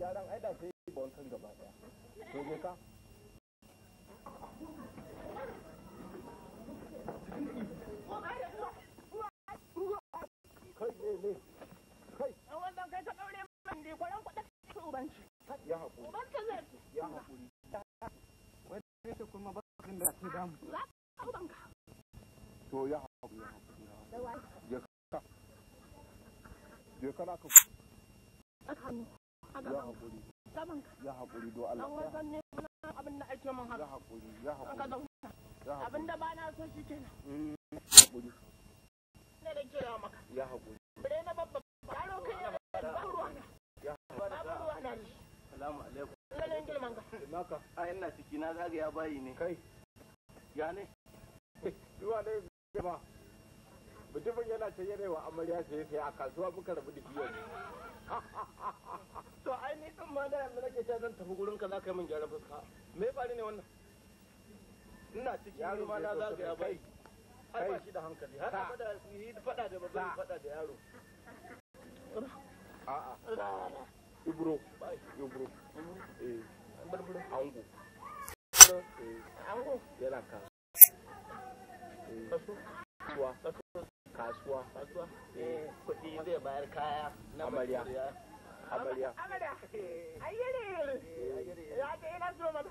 gyaran da sai ba wankan gaba daya to je ka kai ne eh, eh, kai a wannan kai da za to a yana ya haƙuri do Allah ne abin da ake ya haƙuri ya haƙuri abin da ba na so shi kenan mm, haƙuri ne da kira maka ya haƙuri bare na babba karo kai ya babu salamu alaikum girman ka a ina ciki na bayi ne kai ya ne zuwa ne mutumin yana amarya sai sai a kasuwa muka rabu da biyar to ai ni din ma da yanzu nake ta zan tafi gurin ka za ka yi min gyaran fuska me ya faru ne wannan ina cikin yaro ma na ka ya bai ai ba shi da hankali har abada yi fada da babban fada da yaro a'a ibro bai ibro eh ango ango yana ka kaso kaso kasuwa eh, eh, kudi zai bayar kaya na amarya amarya eh. ayyere ya ce ina so mata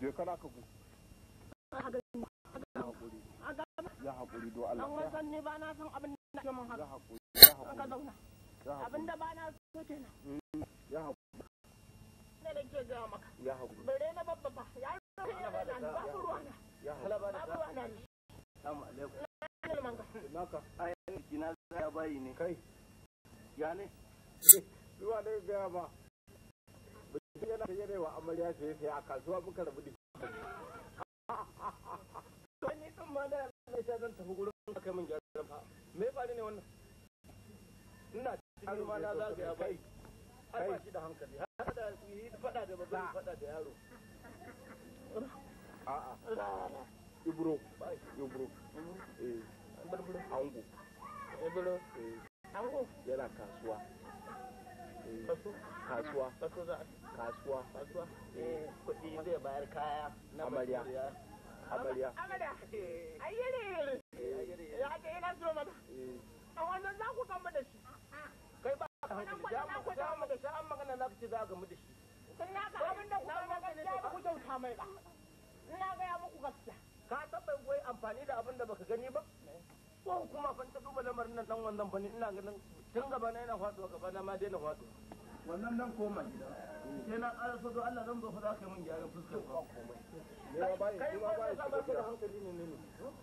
je kana ka gudu ya haƙuri do Allah an wasan ne ba na san abin da ke mun haka ya haƙuri ya haƙuri abin da ba na so kenan mm, ya haƙuri ne da ke gaya maka ya haƙuri bare na babba ba ya ba ku ruwana ya haƙuri ba ku na assalamu alaikum naka ayyana jina ya bayi ne kai ya ne ruwa da gaya ba yana da yanayi wa amarya sai sai a kasuwa muka rabu da to ni ma da tafi gurin ka kai min gyaran fa me faru ne wannan ina cikin ma na bai ai ba shi da hankali har da yi da babban da yaro a'a ibro ibro eh. ibro ibro eh. kasuwa kasuwa kasuwa eh, kasuwa zai bayar kaya na amarya amarya amarya ayyere eh. ya ke eh. a wannan za ku da shi kai ba za ku da shi an magana na fice za da shi sun ga abin da ku da shi ku kyauta mai ba ina muku gaskiya ka amfani da abin da baka gani ba ko kuma fan ta duba lamarin nan dan wannan bane ina ganin tun gaba na yana faduwa gaba na ma daina faduwa wannan nan koma gida sai na ƙara so Allah zan zo fa za ka yi mun gyaran fuskar ba komai ne ma bai ba ma bai ba ka hankali ne ne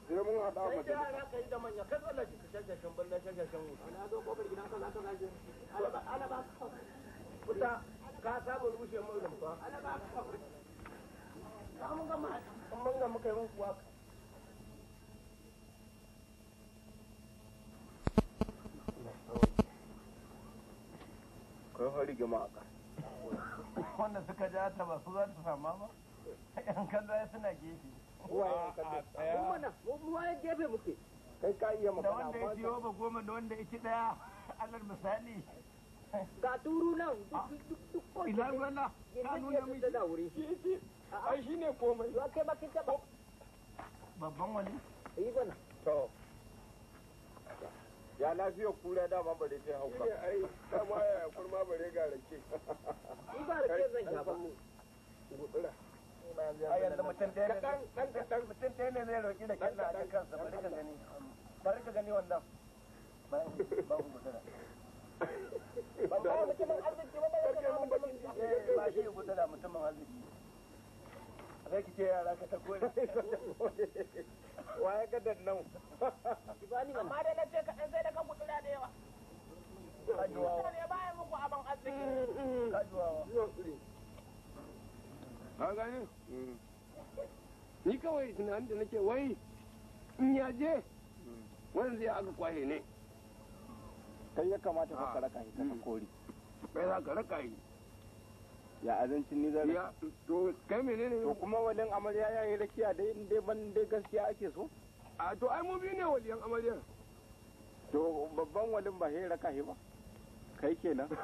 sai mun hada mu da yara ka yi da manya ka zo laji ka shaka shan balla shaka shan wuta na zo kofar gidan ka za ka zaje ala ba ala ba kuta ka saba rushe mun rumfa ala ba ka mun ga mun ga muka yi mun kuwa fa rigima a ƙasa wanda suka ja ta ba su za ta sama ba yan kallo suna gefe kuma na gefe muke kai ka iya da wanda ya ciyo ba goma da ci daya alal misali ga turu nan duk ina gwana ka nuna ya lafiya kura da ma bare ce hauka ai ma ya kurma bare ga rake in ba rake zan ya ba gutsura a yanzu mutum da ne dan dan dan mutum da ne zai roki da kenan a kansa bare ka gani bare ka gani wannan ba ku gudura ba ba mutumin arziki ba bare ka mun bakin jiki eh, ba shi gutsura mutumin arziki a ki ce yara ka ta kore waye gadan amma da mm. ni kawai tunanin da nake wai in ya je mm. wani zai aka kwahe ne kai ya kamata ka ah. raka ta mm. kori kai za ka raka yi ya azancin ni zai to kai menene ne kuma walin amarya ya yi rakiya dai in dai ban dai gaskiya ake so a to ai mu bi ne waliyan amarya to babban walin ba hera kahi ba kai kenan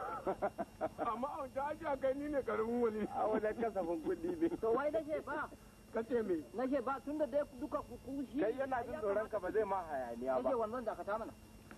amma an ta aji a kai ni ne karamin wali a wajen kasafin kuɗi ne to wai nake ba kace me nake ba tunda dai duka kuku shi kai yana jin tsoron ka ba zai ma hayaniya ba nake wannan dakata mana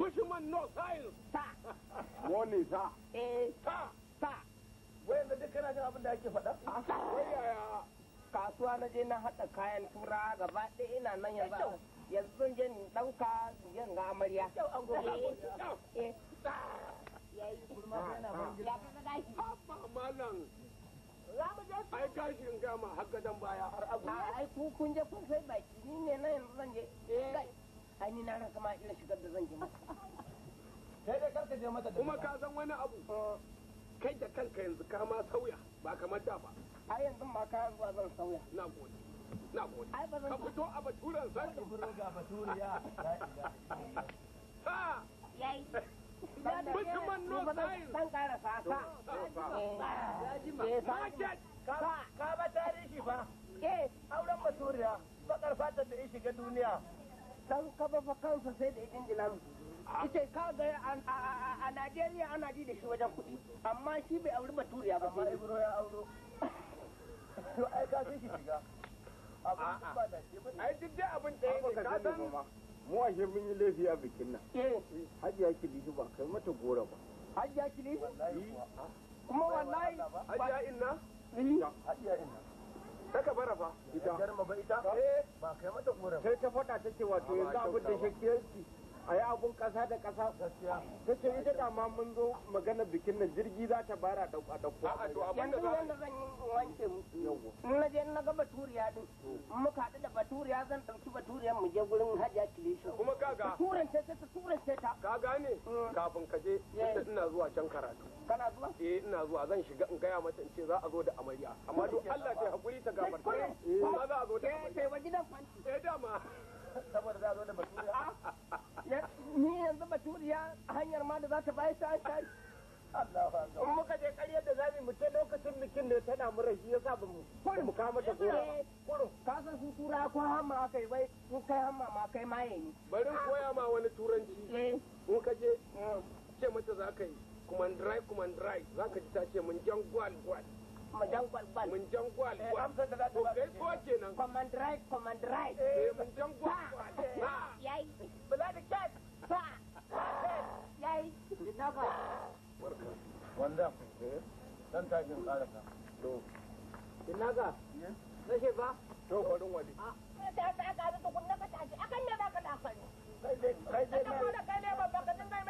Fisherman North science. Sa. Wani sa. Eh. Sa. Sa. Wai da duk kana abin da ake faɗa? Wai yaya. Kasuwa na je na haɗa kayan tura gaba ɗaya ina nan yanzu. Yanzu zan je ni ɗauka zan ga amarya. Yau an gobe. Eh. Ta. Eh. Yayi kurma yana ban gida. Ya kana daki. Amma malam. ai gashin gama har gadon baya har abu ai kun je kun sai baki ni ne nan yanzu zan je Eh. ai ni na ranka ma irin shigar da zan masa kai dai karka je mata da kuma ka san wani abu kai da kanka yanzu ka ma sauya ba kamar da ba ai yanzu ma ka zuwa zan sauya na gode na gode ka fito a baturen sai ka furo ga baturiya ha yayi Mutumin no sai san kara sa eh. ya ka ba tarihi fa eh auren baturiya bakar fatar da ya shiga duniya kafafa kansa sai da idin dila musu ita ah. ka ga a najeriya ana ji da shi wajen kuɗi amma shi bai auri baturiya ba amma ibro ya auro to ai ka sai shi shiga ai duk dai abin da ya ka san mu a shi mun yi laifi a bikin nan eh. ba kai mata gora ba kuma wallahi inna inna eh? taka ka bara fa ita garma ba ita eh. ba kai mata kura sai ta faɗa ta ce wato yanzu abin da shakkiyanci a yi abun ƙasa da ƙasa ta ce ita da ma mun zo magana bikin nan jirgi za ta bara da a ɗauko yanzu wanda zan yi wanke in na je na ga baturiya din muka haɗu da baturiya zan ɗauki baturiyan mu je gurin hajiya kilisha kuma kaga turance ta turance ta ka gane mm. kafin ka je ina zuwa can karatu kana zuwa eh ina zuwa zan shiga in gaya mata in ce za a zo da amarya amma duk Allah ta hakuri ta gafarta eh, eh. ma za a zo da eh, amarya eh ba gidan kwanci eh dama saboda za a zo da baturiya ni yanzu baturiya hanyar ma da za ta bayi ta Allah Allah. muka je ƙaryar da zamu mu ce lokacin bikin ne tana mura shi yasa ba mu kurin mu kama ta gora ko ka san su tura ko hamma aka yi bai ko kai hamma ma kai maye ne bari koya ma wani turanci in ka je ce mata za ka yi kumandrai kumandrai za ka ji ta ce mun jan gwal gwal mun jan gwal gwal mun jan gwal eh, gwal ko kai ko kenan kumandrai kumandrai eh mun jan gwal gwal ha eh. yayi bala da cat ha yayi ina ba wanda eh, dan ta tsara ka to ina ga na ce ba to wadi wani ta ta ga ta kunna ka ta ji akan ne ba ka da kai dai kai dai kai dai ba ka dinga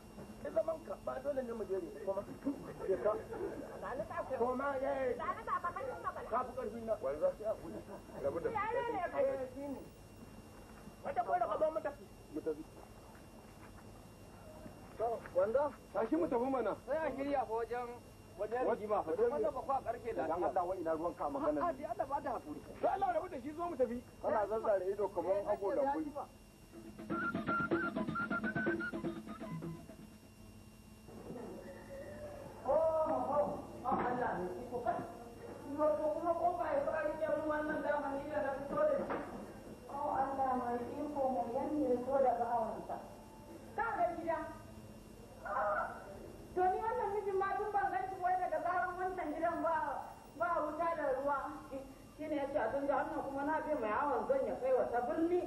ta zaman ka ba dole ne mu je kuma ka kuma ya yi ka na wanda ya kuli rabu da ya ne ne kai shi ne wata ko da ka zo mu tafi mu tafi to wanda tashi mu tafi mana sai a shirya wajen wajen rigima fa wanda ba ku a karke da dan Allah wa ina ruwan ka magana ne Allah ba da hakuri to Allah rabu da shi zo mu tafi kana zazzare ido kamar hago da kuri Thank you. gida ah, to ni wannan mijin ma tun ban gan wai daga zaran wannan gidan ba ba wuta da ruwa shine yace a tun da kuma na bi mai awon zan ya kai wata birni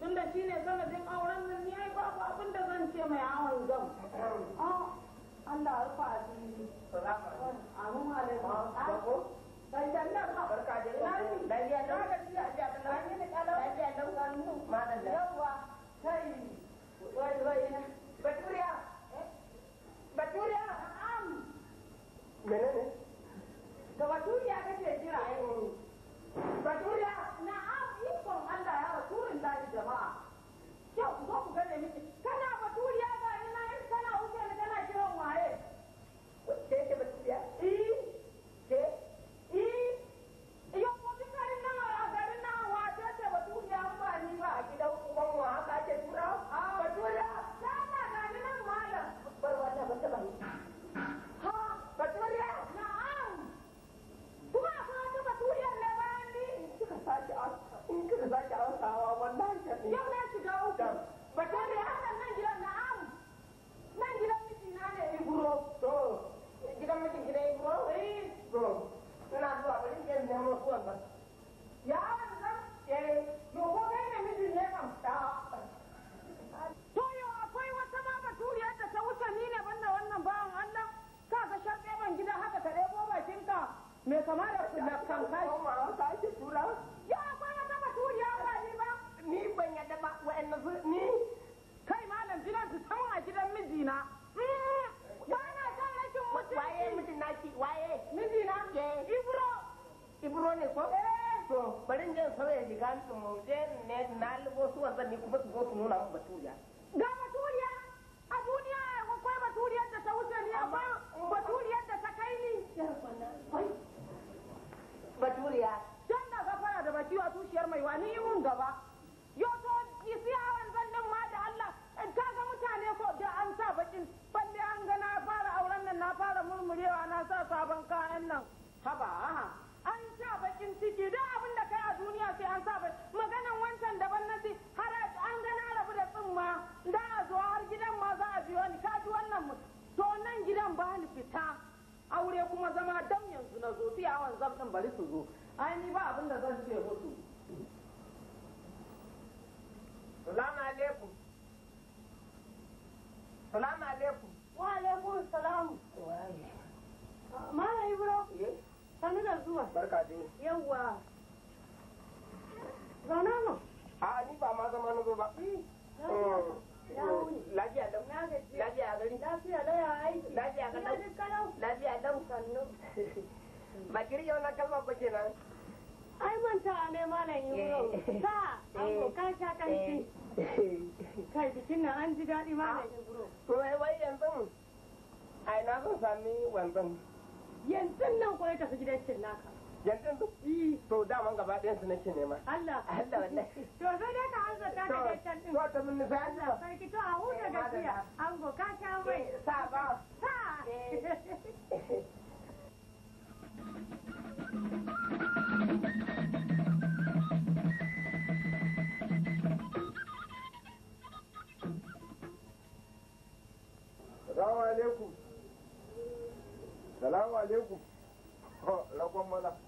tun da shine sanadin auren nan ni ai babu abin da zan ce mai awon zan ah, Allah ya rufa salamu alaikum ah, dan ba barka da dai da ga shi a ji abin da lafiya da da baturiya eh? baturiya am menene da baturiya kake jira yanzu baturiya na am ikon Allah ya jama'a ku zo ku gane kana baturiya ga ina kana kana kiran waye ke baturiya eh, me kama da kula kan kai ya akwai wata baturiya ba ni ba ni ban yadda ba wa'anna ni kai malam gidan su san a gidan mijina mm, ba na san rashin mutunci waye mijin ki, waye mijina ibro ibro ne ko eh. to bari in je in sauya riga mu je ne na lubo su wanzan ni kuma su zo su nuna mu baturiya ga baturiya a duniya akwai baturiyar da ta wuce ni akwai baturiyar da ta kai ni baturiya don na da baki a tushiyar mai wani yi mun gaba yau to isi hawan zannin ma da Allah in ka ga mutane ko da an sa bakin balle an ga na fara auren nan na fara murmurewa na sa sabon kayan nan haba aure kuma zama don yanzu na zo fi awon zafin bari su zo ai ni ba abin da zan ce musu salamu alaikum salamu alaikum wa salamu mara ibro eh? sanu da zuwa barka dai yawwa zauna no a ni ba ma zama na zo ba eh, lafiya lau lafiya lafiya lau ya lafiya lau lafiya lau sannu ba kiri yau na kalma ba ai ne malam an ka sha kai bikin nan an ji daɗi malam wai yanzu ai na sami wanzan yanzu nan ko ya tafi gidan cin naka yanzu duk yi to daman gaba ɗayan su nake nema Allah Allah wallahi to sai da ka ta da can din to ta mun sai Allah sai ki to a huta eh, gaskiya ango ka sha mai eh, sa ba sa Salamu alaikum. Salamu alaikum.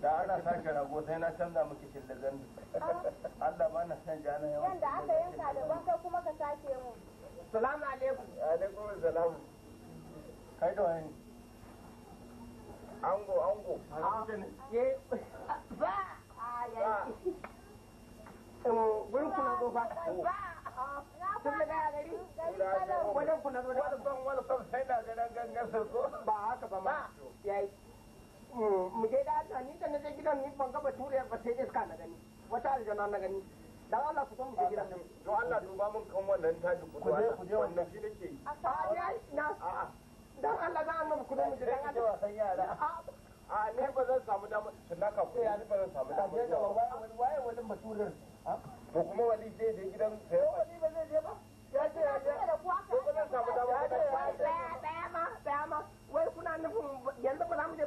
da ana sake rago sai na canza miki shillar ah. Allah ma na canja na yawan yanda aka yanka da banka kuma ka sake mu salamu alaikum alaikum salam kai da wani ango ango ba gurin kuna zo Ba! sun daga ya gari wajen kuna zo da wani ban wani sai da ganin gangan sarko ba haka ba ma yayi mu da Allah ni da na je gidan ni ban ga bature ba sai iska na gani wata aljana na gani dan Allah ku mu je gidan nan Allah duba mun kan wannan tashi ku je ku je wannan shi nake a ya na dan Allah dan Allah ku mu je dan Allah san yara a ne ba zan samu dama tunaka ku ya ni ba zan samu dama da waye waye wani baturen ko kuma wali je je gidan sai wali ba zai je ba ya ce ya ce ko zan samu dama ba ya ce ya wai kuna nufin yanzu ba za mu je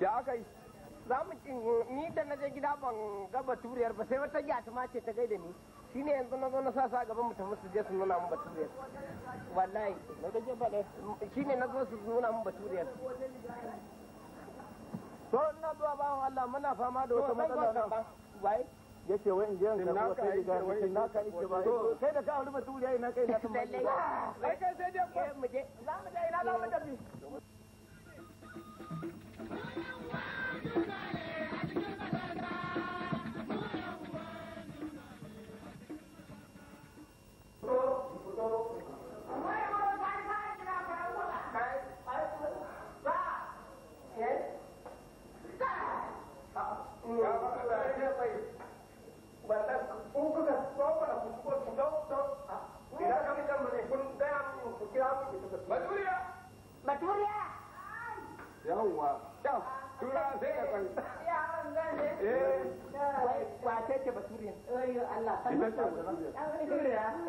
ya aka yi za mu ni da na je gida ban ga baturiyar ba sai wata ta ce ta gaida ni shine yanzu na zo na sa sa gaban mu tafi su je su nuna mu baturiyar wallahi na ga je bane shine na zo su nuna mu baturiyar to ina zuwa ba Allah muna fama da wata matsala ba wai ya ce wai in je in karɓi wata riga ya na ka ike ba kai da ka auri baturiya ina kai na tambaya kai sai dai mu je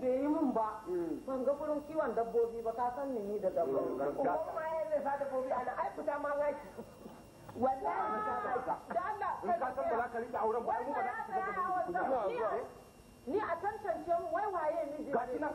bai yi mun ba ban ga gurin kiwon dabbobi ba ka san ni da dabbobi kuma ma ya zai sa dabbobi ana ai fita ma ngaki wallahi da Allah ka san ba za ka rike auren ba mu ba za ka ni a tantance mu wai waye miji nan nan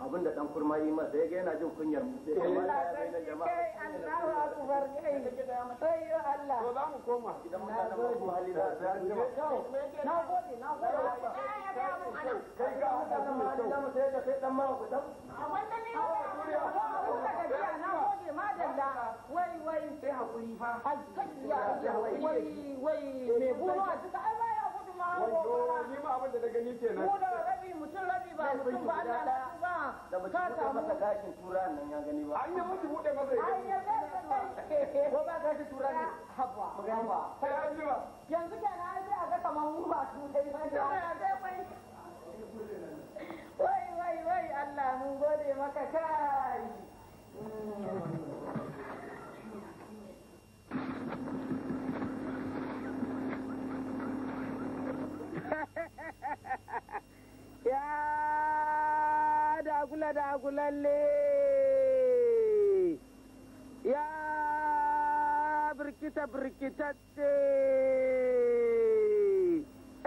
abin da dan kurma yi masa ga yana jin kunyar mu sai kuma na jama'a kai Allahu akbar kai sai yo Allah to za mu koma idan mun kana mu hali da sai an jama'a na gode na gode kai ga mutanen mu hali da mu sai da sai dan ma ku dan a wannan ne na gode madalla wai wai sai hakuri fa haji wai wai me buwa duka ai wato ni ma abin da na gani kenan rabi mutum rabi ba mutum ba ana da ba da ba ta masa gashin tura nan ya gani ba an yi mutu bude masa ya gani ko ba gashin tura ne haba haba sai an ji ba yanzu ke na ajiye a ga kaman mu ba su dai ba sai kai wai wai wai Allah mun gode maka kai hmm. ya dagula dagulalle ya birkita birkitacce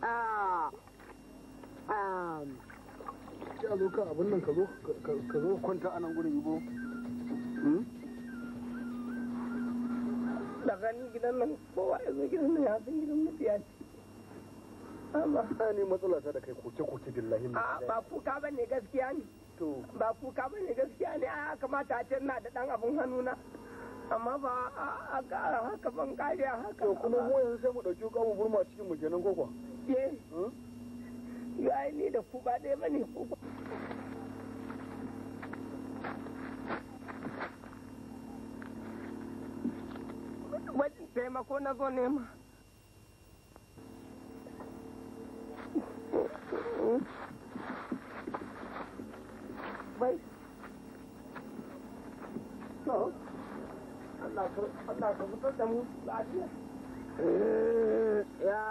ah, um. ka abin nan ka zo kwanta a nan gudun yibo hmm? daga gidan nan kowa ya zo gidan nan ya san gidan mafiya ce amma ne matsala ta da kai koke koke billahi a ba kuka ba ne gaskiya ne ba kuka ba ne gaskiya ne a kamata a ce na da dan hannu hannuna amma ba a ƙara haka ban kare a haka to kuma mu yanzu sai mu dauki kawo burma cikin mu kenan ko eh ya hmm? ni da ku ba dai bane ku taimako na zo nema bai so Allah ka fitar da mu lafiya ya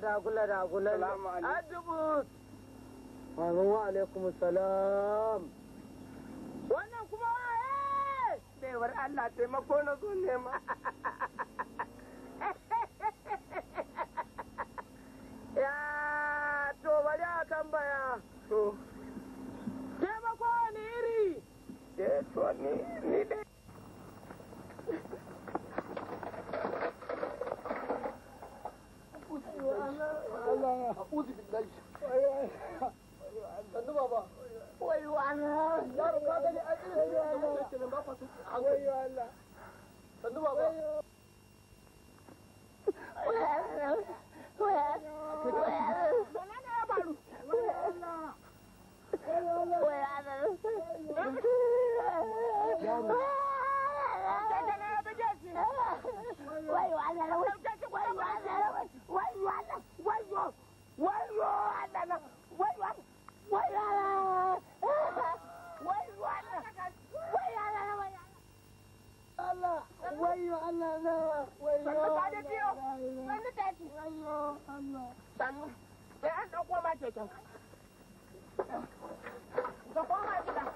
dagula dagula wa alaikum salam wannan kuma bewar eh, Allah taimako na zo nema taimako wani iri eh to ni ni Allah abin yaro wayo Allah na wayo Allah na wayo Allah na na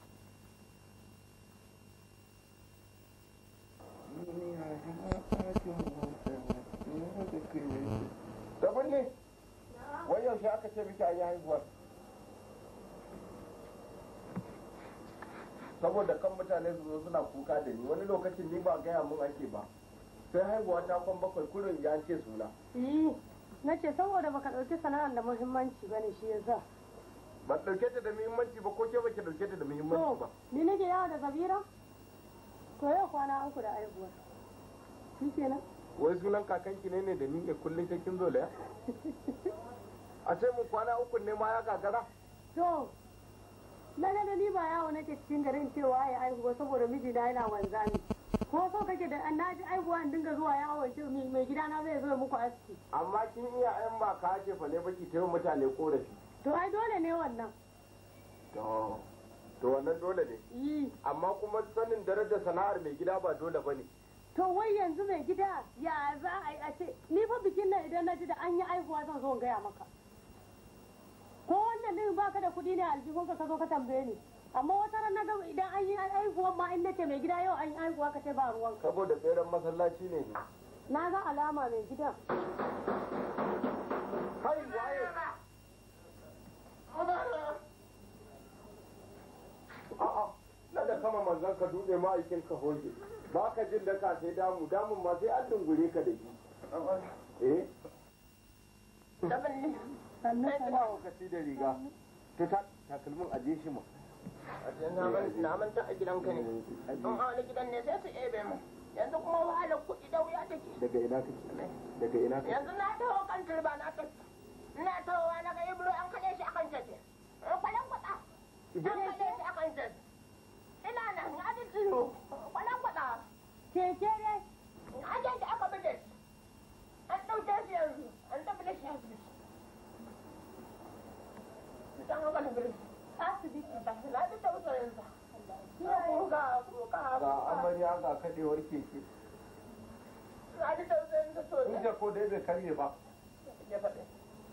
yaushe aka ce miki a yi saboda kan mutane su zo suna kuka da ni wani lokacin ni ba gaya mun ake ba sai haihuwa ta kwan bakwai kurin ya ce suna eh, na ce saboda baka dauke sana'ar da muhimmanci ba ne shi yasa ba ɗauke ta da muhimmanci ba ko ke ba ke ɗauke ta da muhimmanci ba ni nake yawa da zabira to yau kwana uku da haihuwar shi kenan wai sunan kakanki ne ne da ni ne kullum kakin zo da ya a ce mu kwana uku ne ma ya gagara to na ga ni ba yawo nake cikin garin cewa ya aihuwa saboda mijina yana wanzami ko so kake da an naji aihuwa in dinga zuwa yawon ce mai gida na zai zo muku aski amma kin iya ayan ba ka ce fa ne baki tayi mutane korafi to ai dole ne wannan to to wannan dole ne amma kuma sanin darajar sana'ar mai gida ba dole ne. to wai yanzu mai gida ya za a yi a ce ni fa bikin nan idan na ji da an yi aihuwa zan zo in gaya maka ko wannan ba baka da kuɗi ne aljihun ka kazo ka tambaye ni amma wata ran na ga idan an yi aihuwan ma in nake mai gida yau an yi aihuwa ka ce ba ruwan ka. saboda tseren masallaci ne ne na ga alama mai gidan kai waye a na da kama manzon ka dude ma'aikin ka hoje ba ka jin da ka sai damu damun ma sai an dungure ka da shi eh sannan sannan ka ci da riga to ta takalmin aje shi mu na manta a gidanka ne in a wani gidan ne sai su ebe mu yanzu kuma wahalar kuɗi da wuya take daga ina kake daga ina kake yanzu na taho kan turba na ta ina tahowa na ga ibro an kaɗe shi akan tafi in kwalan kwata an kaɗe shi akan tafi ina nan na ji tsiro kwalan kwata keke ne an yanke aka bude an ɗauke shi yanzu da amarya ga kadewar keke in ce ko dai bai karye ba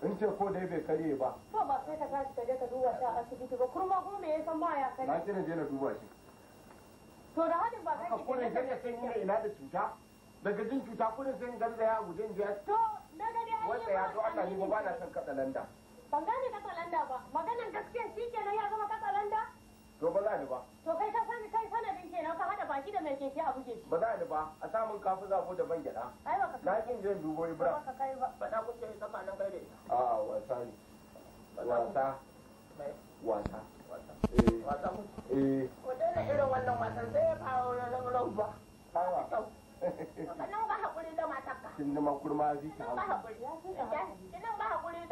in ce ko dai bai karye ba to ba sai ka tashi ka je ka duba shi a asibiti ba kurma kuma me yasan ba ya karye na ce je na duba shi to da hadin ba kai ko ne sai ya san ina ina da cuta daga jin cuta kullum sai in garzaya a guje in je to daga dai wanda ya zo yi ba na san katsalanda Ban gane katsalanda ba, maganan gaskiya shi kenan ya zama katsalanda? To ba za ni ba. To kai ka sani kai sanadin kenan ka haɗa baki da mai keke a buge shi. Ba za ni ba, a samun kafin zabo da ban gyaɗa. Ai ba ka Na kin jiran dubo Ibrahim. Ba ka kai ba. Ba ta kuke nan kai da ita. A wasa ne. Wasa. Wasa. Wasa kuke. Eh. eh. Ko dai irin wannan wasan sai ya kawo ran rauba. Kawa. Nan ba haƙuri da matarka. Kin zama kurma zita. Nan ba haƙuri. Ya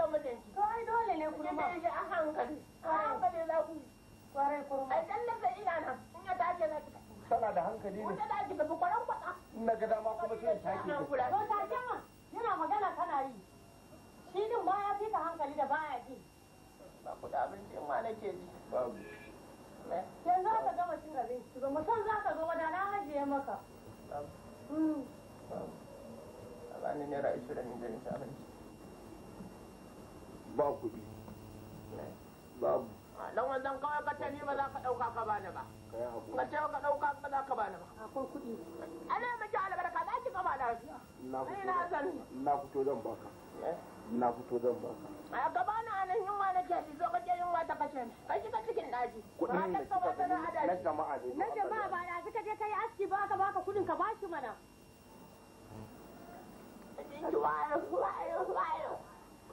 kawai dole ne kurma sai shi a hankali a hankali za ku kwarai kurma ina in ya tashi ki tana da hankali ne wanda ki tafi kwaran kwata na ga dama kuma sai ta ki to ta yana magana kana yi shi din ba ya fita hankali da baya ji ba ku da abincin ma nake ji babu yanzu aka gama cin abinci ba mutum za ka zo wada na ajiye maka. Mm. ni abinci. ba kuɗi babu kawai ka ce ni ba za ka ɗauka ka bani ka ce ɗauka ka bani ba akwai kuɗi ana mai ji za ki na na zan baka eh? na fito zan baka a anan yunwa na ke zo ka yunwa ta kashe ka cikin daji ne na na jama'a ne na jama'a ba da suka je yi aski ba ka baka kuɗin ka ba mana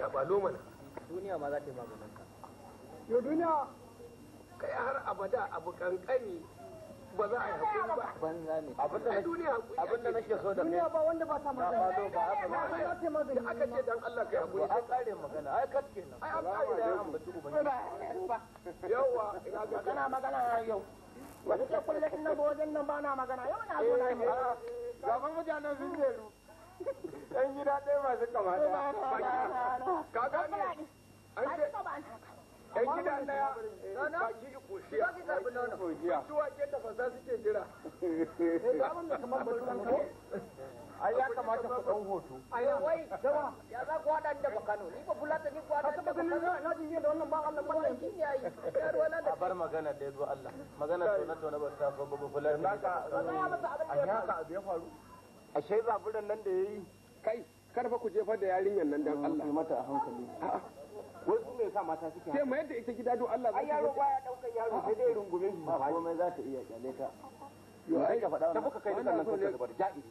ya ba lomana duniya ma za ta yi yo duniya kai har abada abu kankani ba za a yi hakuri ba banza ne abin da so da duniya ba wanda ba ta magana ba ba ba da aka ba ba yan gida kama ɗaya ka ya kamata ka ɗan hoto ai wai dawa ya za ku haɗa da bakano ni ba bulata ni ku haɗa da bakano na ji da wannan ba Allah ba wannan kin yayi ya ruwa na da bar magana da yazo Allah magana tona-tona to na ba ta ba ba abu ya faru ashe zaburan nan da yayi kai karfa ku jefa da yarinyar nan dan Allah kai mata a hankali a'a wai su me yasa mata suke sai mai da ita gida don Allah ai yaro baya daukan yaro sai dai rungume shi ba komai za ta iya kyale ta yo ai ka faɗa ta buka kai da nan ka zubar ja'iri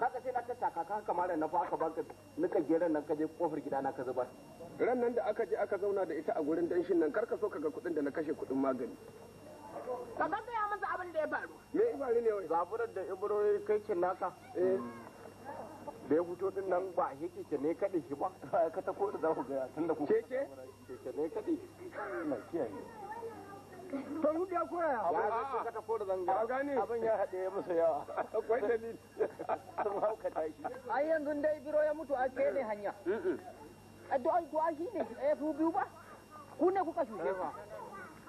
kaga sai na ta taka ka kamar na fa aka baka nika geran nan ka je kofar gida na ka zubar ran nan da aka je aka zauna da ita a gurin danshin nan karka so ka ga kuɗin da na kashe kuɗin magani ka ga abin da ya faru me ya faru ne wai zaburar da ibro kai kin naka eh da fito din nan ba shi keke ne kaɗe shi ba ka ta koda za ku ga tunda ku keke keke ne kaɗe na kiyaye to mu ya koya ya ga ka ta koda zan ga. abin ya hade musu yawa akwai dalili sun hauka tashi ai yanzu dai biro ya mutu a ce ne hanya addu'a addu'a shi ne Eh fi biyu ba ku ne kuka shuke ba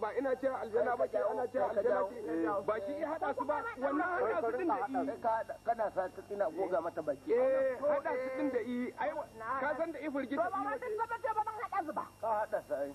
ba ina cewa aljanna ba ke ana cewa aljanna ce ba shi ya hada su ba wannan hada su din da i kana sa ta ina goga mata baki eh hada su din da i ai ka san da i firgita ba ba ba ba ban hada su ba ka hada sai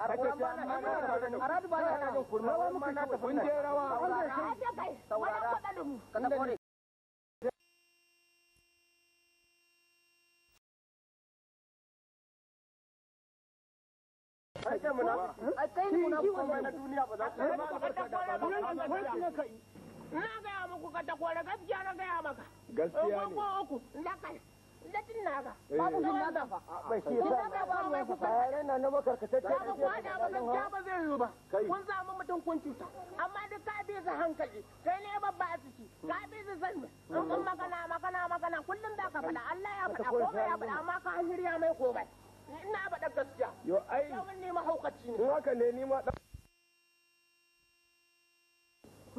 kake ta amma na tare ya da da kore na duniya ba za ta gaya muku ka ta gaskiya na gaya maka. Gaskiya ne. Eh. da din naga ba ku din naga fa ba shi ba ba na na makarkatacce ba ku hada ba gaskiya ba zai yiwu ba kun samu mutum kun cuta amma duk ka bi su hankali kai ne babba asiki ka bi su sani an kun magana magana magana kullum da ka faɗa Allah ya faɗa ko ya faɗa amma ka shirya mai komai ina faɗa gaskiya yo mahaukaci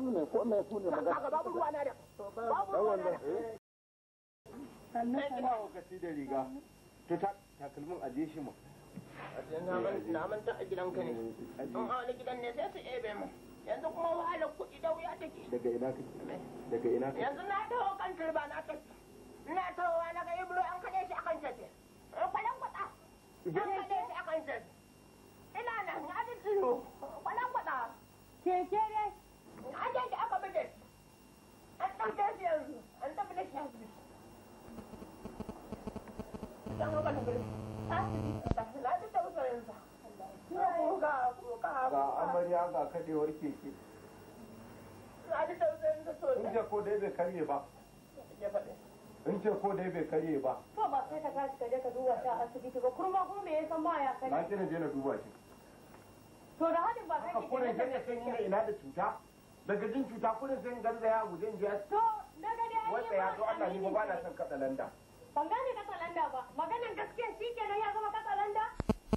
ne babu ruwa na da babu ruwa na da sannan kawo ka da riga to takalmin aje shi mu a gidanka ne in a wani gidan ne sai su ebe mu yanzu kuma wahalar kuɗi da wuya take daga ina daga ina yanzu na taho kan turba na tafi ina tahowa na ga ibro an kaɗe shi akan tafi in eh, kwalan an shi akan ina nan na ji tsiro kwalan kwaɗa keke ne an je aka bi an ɗauke shi yanzu amarya ga kadewar keke in ce ko dai bai karye ba ba sai a asibiti ba kurma kuma me ya san ba na ba ina da cuta daga jin cuta kurin sai in garzaya a guje in je to daga dai ba ya to Allah ni ba na san Ban gane katsalanda ba, maganan gaskiya shi kenan ya zama katsalanda?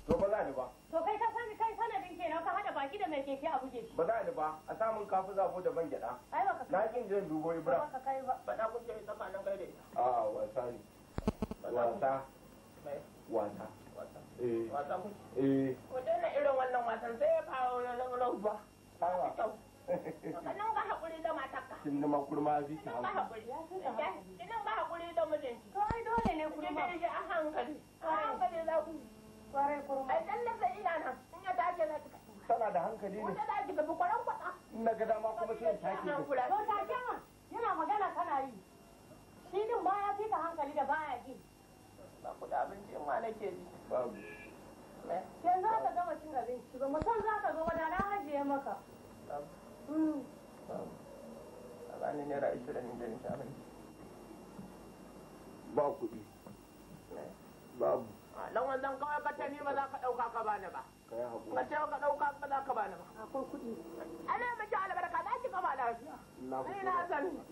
To ba za ni ba. To kai ka sani kai sanadin kenan ka hada baki da mai keke a buge. Ba za ni ba, a samun kafu zabo da ban gyaɗa. Ai baka Na kin jin dubo Ibra. Baka kai ba. Faɗa kun ce tsakanin kai da ita. A wasa ne. Wasa. Wasa. Wasa. Eh. Wasa kuke. Eh. Ko dole irin wannan wasan sai ya kawo rahuba. ba. Kinan ba da ba kurma bi ta ba da mijinki. Kawai dole ne a hankali. A hankali za ku. Kwarai Ai tsallar da nan. In ya Tana da hankali ne. Wata kwaran kwata. ga dama kuma sai To Yana magana kana yi. Shi din ba ya fi ka hankali da baya ji. Ba ku da abinci ma nake ji. Babu. Yanzu eh? gama cin abinci ba musan za ka zo wadana hajiye maka. a bani naira ashirin da nisha abinci ba kuɗi babu dan wanzan kawai ka ce ni ba za ka ɗauka ka bani ba ka ce ka ɗauka ba za ka bani ba akwai kuɗi ana miki albarka za ki gaba lafiya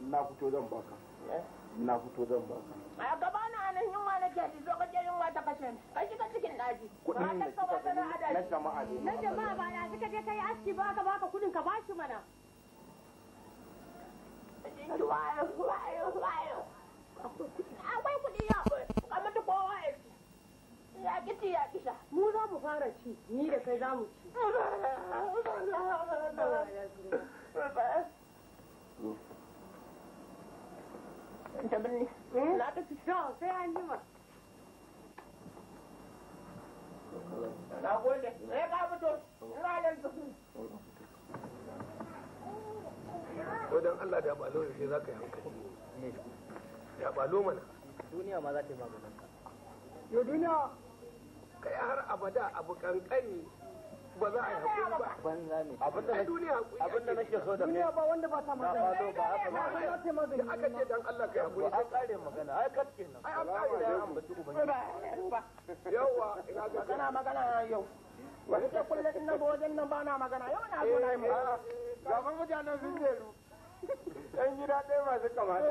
na fito zan baka na fito zan ba ka. a gaba na nan yunwa na ke zo ka je yunwa ta kashe ka shiga cikin daji matar ka ba ta na adaji na jama'a ne na jama'a ba ya ka je kai aski ba ka ba ka kudin ka ba shi mana akwai kudi ya kama mutu kowa ya ci ya gidi ya kisa mu za mu fara ci ni da kai za mu ci ta birni na sai an na gode fito ina Allah da ba lori za ka yi hankali ba mana duniya ma za ta yi duniya kai har abada abu kankani ba za a yi ba banza ne nake so da duniya ba wanda ba ta magana ba ba haka ba ba ta magana da aka ba dan Allah kai hakuri an kare magana ba kat kenan ai an kare da an batu ba yawa ba magana yau wani ta ba wajen nan ba magana yau na zo na yi eh, eh, eh. gaban ba sun jeru ɗan gida ɗaya masu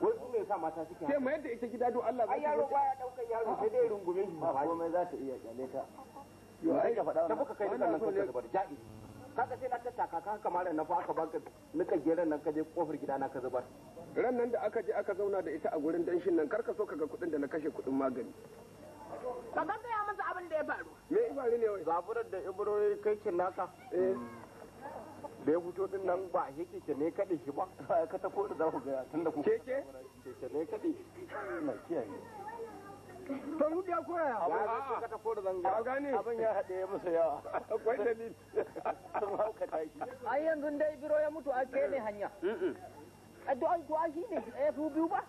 wai kuma sa mata suke ke mai da ita gida don Allah ai yaro baya daukar yaro sai dai rungume shi ba komai za ta iya kyale ta yo ai ka faɗa ta fuka kai da nan ka zubar ja'i kaga sai na tattaka ka haka mara na fa aka baka nika geran nan ka je kofar gida na ka zubar ran nan da aka je aka zauna da ita a gurin danshin nan karka so kaga kuɗin da na kashe kuɗin magani ka gaya masa abin da ya faru me ya faru ne wai baburar da ibro kai kin naka eh bai ya din nan ba shi keke ne kadi shi ba ka tafi da za ku gaya tun da ku keke keke ne kaɗe na kiyaye ta hudu ya koya ya ga ka tafi da zanga abin ya haɗe ya musu yawa akwai dalili sun hauka tashi ai yanzu dai biro ya mutu a ke ne hanya an kuwa shi ne ya eh, su biyu ba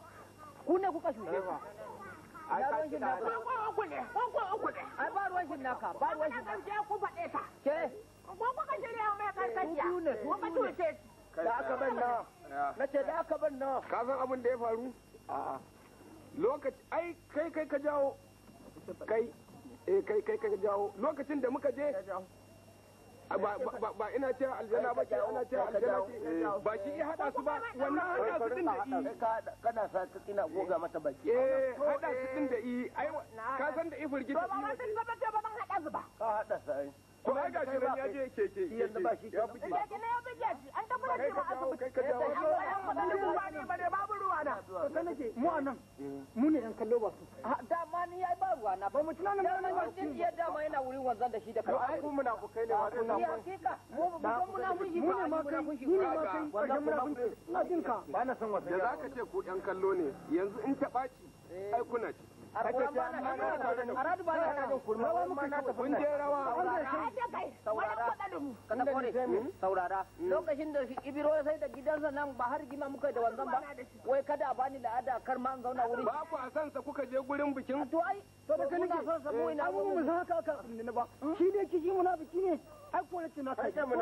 ku ne kuka shuke ba eh. ai ba ruwan shi naka ba ruwan shi naka ba ruwan shi naka ke ko kuka shirya mai karkashiya kuka cuce da aka ban nawa na ce su aka ban nawa ka san da ya faru lokaci ai kai kai ka jawo kai eh kai kai ka jawo lokacin da muka je ba ina cewa aljana ba ke ana cewa aljana ce eh. ba shi iya hada su ba wannan hada su din da i kana sa ta ina goga mata baki eh hada su din da i ai ka san da i firgita ba ba sun ba ba ban hada su ba ka hada sai ko ai ga shi ya je keke yanzu ba shi ya buge keke ne ya buge shi an ta kula cewa asibiti kai da wannan ruwa ne ba ne babu ruwa na to sai ke mu anan eh. mu ne yan kallo ba su ah, da ma ni ai ba ruwa na ba mu tunanin nan ba shi ya da ma yana wurin wanzan da shi da kai ai ku muna ku kai ne wa ina mun mu mu ga mun shi ba mu ne ma kai mu ne ma kai wannan muna mun jin ka ba na san wata da zaka ce ku yan kallo ne yanzu in ta baci ai kuna ci kake ta da ku aradu ba da kurma rawa saurara saurara lokacin da shi sai da gidansa nan ba har gima muka da wanzan ba wai kada a bani la'ada kar ma an zauna wuri ba ku a sansa kuka je gurin bikin to ai to da kana son sa mu ina mu mu haka ka ne ba shi ne kishi ne ai ko ne na kai ai kai mu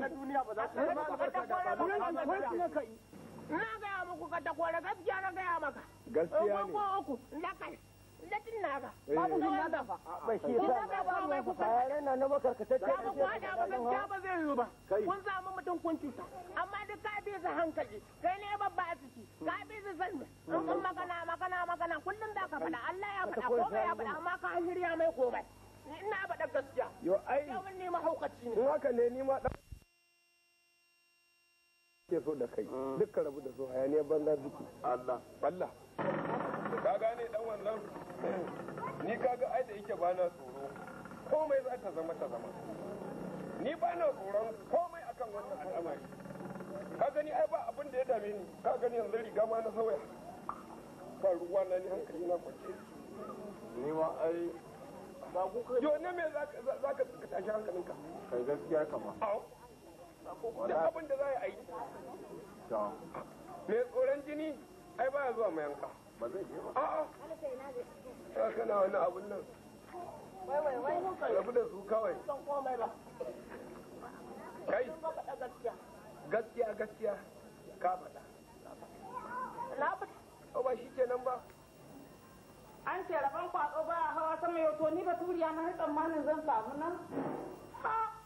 na duniya ba za ka ba ka da na gaya muku ka ta kore gaskiya na gaya maka gaskiya ne ko uku lakal latin na ga eh. babu na ga ba shi ya ga ba mai ku tare na na bakar ka tace ba ku hada ba gaskiya ba zai yi ba kun mu mutum kun cuta amma duk ka bi su hankali kai ne babba a ciki ka bi su san in kun magana magana magana kullum da ka faɗa Allah ya faɗa ko ya faɗa amma ka hirya mai komai ina faɗa gaskiya yo ai yau ni mahaukaci ne haka ne ni ke so da kai mm. dukkan rabu da so hayaniyar banza duki Allah balla ka gane dan wannan ni kaga ai da yake bana tsoro komai za ta zama ta zama ni bana tsoron komai akan wannan al'amari ka gani ai ba abin da ya dame ni ka gani yanzu riga ma na sauya ba ruwa na ni hankali na kwace ni ma ai ba ku kai yo ne me za ka za ka tashi hankalinka kai gaskiya kama duk abin da za a yi mai tsoron jini ai baya zuwa mai yanka ba zai je ba a'a ta kana wani abun nan rabu da su kawai kai gaskiya gaskiya ka faɗa na ba shi kenan ba an ce rabon kwaɗo ba a hawa sama yau to ni ba turiya na tsammanin zan samu nan ha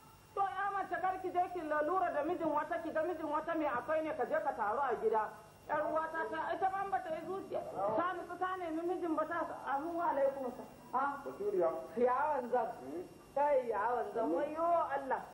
ce karki ki je ki lalura da mijin wata ki ga mijin wata mai akwai ne ka je ka taru a gida yar uwata ta ita ban bata yi zuciya ta nutsu ta nemi mijin ba ta amu alaikum sa ha yawan zan hmm. kai yawan zan hmm. wayo Allah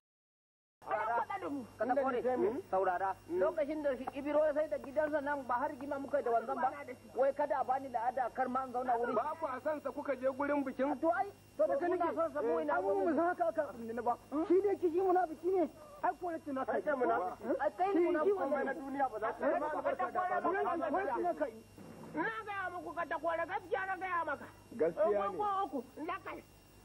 kana kore saurara hmm? Hmm? lokacin da ibiro sai da gidansa nan ba har gima muka da wanzan ba wai kada a bani la'ada kar ma an zauna wuri ba ku a san sa kuka je gurin bikin to ai to da kana son sa mu eh, ina mu san haka aka ne ba hmm? shi ne kishi munafiki ne ai ko race na kai munafiki ai kai munafiki na duniya ba za ka ba ka da ba kai na ga muku ka ta kore gaskiya na ga maka gaskiya ne ko uku na kai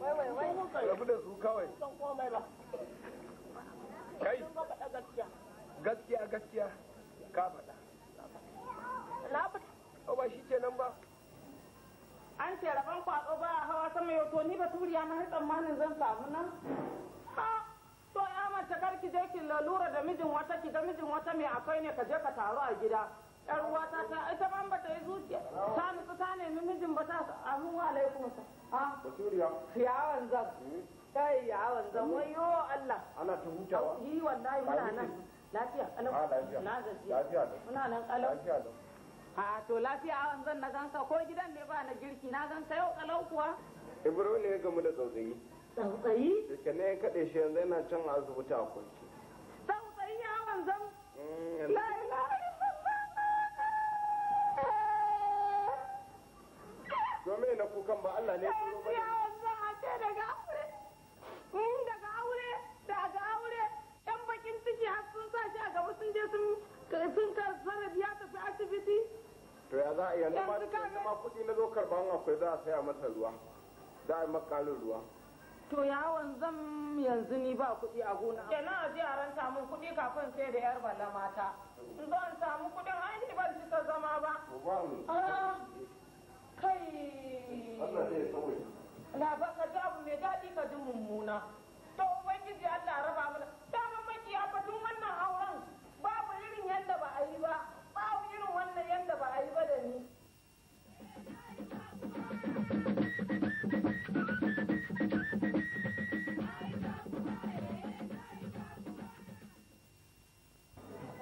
rabu da su kawai kai gaskiya gaskiya ka faɗa na faɗa ba shi kenan ba an ce rabon kwaɗo ba a hawa sama yau to ni ba turiya na tsammanin zan samu nan to ya mace kar ki je ki lalura da mijin wata ki da mijin wata mai akwai ne ka je ka taru a gida yar uwata ta ita ban ba ta yi zuciya ta nutsu ta nemi mijin ba ta amu alaikum sa ha baturiya yawan zan hmm? kai yawan zan hmm? wayo Allah ana ta hutawa yi wallahi muna nan lafiya alau na gaji muna nan alau ha to lafiya awan zan na ganka ko gidan ne ba na girki na ganka yau kalau kuwa ibro ne ya gamu da tsautsayi tsautsayi da ne ya shi yanzu yana can asibiti a kwanci tsautsayi awan zan hmm, domin na kukan ba Allah ne ya ba ne ce daga aure daga aure daga aure yan bakin ciki har sun sa shi a gaba sun je sun sun karsarar ya tafi asibiti to ya za a iya nama ma kuɗi na zo wani akwai za a saya masa ruwa za a yi makalin ruwa to yawon zan yanzu ni ba kuɗi a gona kenan na je a ranta min kuɗi kafin sai da yar balla mata in zo samu kuɗin ai ban ci ta zama ba kai Allah zai sauya na ba ka ji abu mai daɗi ka ji mummuna to ubangiji Allah raba mana daman makiya fa tun wannan auren babu irin yadda ba a yi ba babu irin wannan yadda ba a yi ba da ni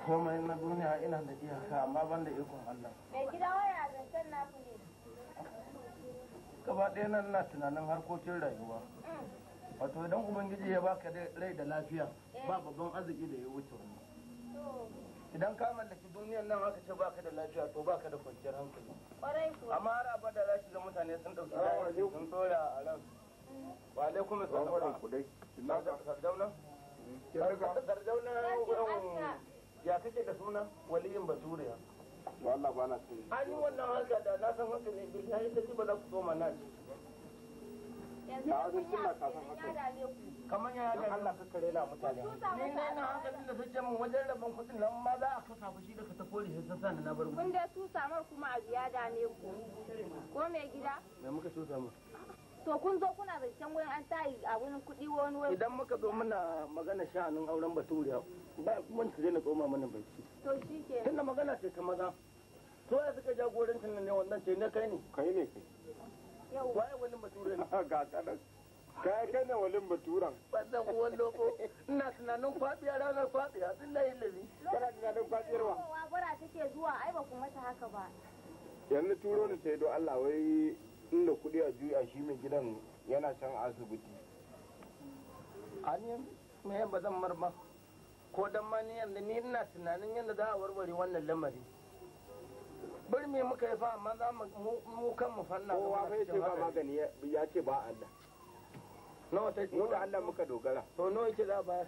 komai na duniya ina da iyaka amma ban da ikon Allah. Mai gida gaba ɗaya nan na tunanin harkokin rayuwa wato idan ubangiji ya baka rai da lafiya ba babban arziki da ya wuce wani idan ka mallaki duniyar nan aka ce baka da lafiya to baka da kwanciyar hankali amma har abada za ki ga mutane sun ɗauki rayuwa sun tsora a ran wa alaikum assalam sardauna ya kake da suna waliyin basuriya Wala Allah ba na tuni an yi wannan harka da na san haka ne na yi ta ba za ku zo mana ci yanzu ya kun ya dame ku kamar ya dame Allah ka kare na mutane ni ne na hankalin da suke min wajen rabon kuɗin nan ma za a kasa fushi da ta kore sai ta sani na bar mu kun dai su samar kuma abu ya dame ku ko me gida me muka su samar to kun zo kuna zancen wurin an tayi a wurin kuɗi wani wani idan muka zo muna magana sha'anin auren baturiya ba kuma su na tsoma mana bai to shi ke tunda magana ce ta maza to ya suka jagorancin ne wannan ce ne kai ne kai ne kai waye wani bature ne ga kanan kai kai ne walin baturan wannan uwan loko ina tunanin kwaɗiya ranar kwaɗiya sun layi lalli kana tunanin kwaɗiyar wa gwara take zuwa ai ba ku mata haka ba yanzu turo ne sai do Allah wai da kuɗi a juya shi mai gidan yana can asibiti ani mai ba zan marma ko dan ma ni yanzu ni ina tunanin yadda za a warware wannan lamari bari me muka yi fa amma za mu kan mu fanna kowa fa yace ba magani ya ce ba Allah no ta mu da Allah muka dogara to no yake za bayar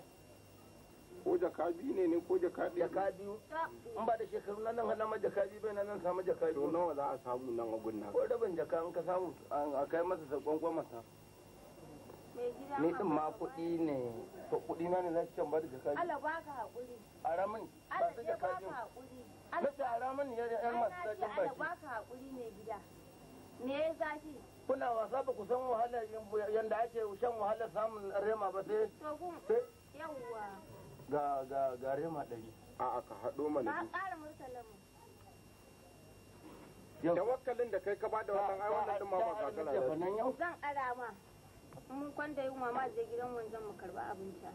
ko jaka biyu ne ne ko jaka ɗaya jaka biyu in ba da shekaru nan halama jaka biyu bai nan samu jaka biyu to nawa za a samu nan a gunna ko rabin jaka in ka samu a kai masa sakon masa ni din ma kuɗi ne to kuɗi na ne na can ba da jaka biyu Allah baka hakuri a ramin ba su jaka biyu Allah baka a ramin ya yan masu sakin baki Allah baka hakuri ne gida me ya zafi kuna wasa ba ku san wahalar yanda ake shan wahalar samun rema ba sai yawwa ga ga ga rema ɗari a'a ka haɗo mana ba ƙara murtala mu da kai ka wannan ai wannan ma ba da zan ara ma mun kwanda mama gidan mu abinci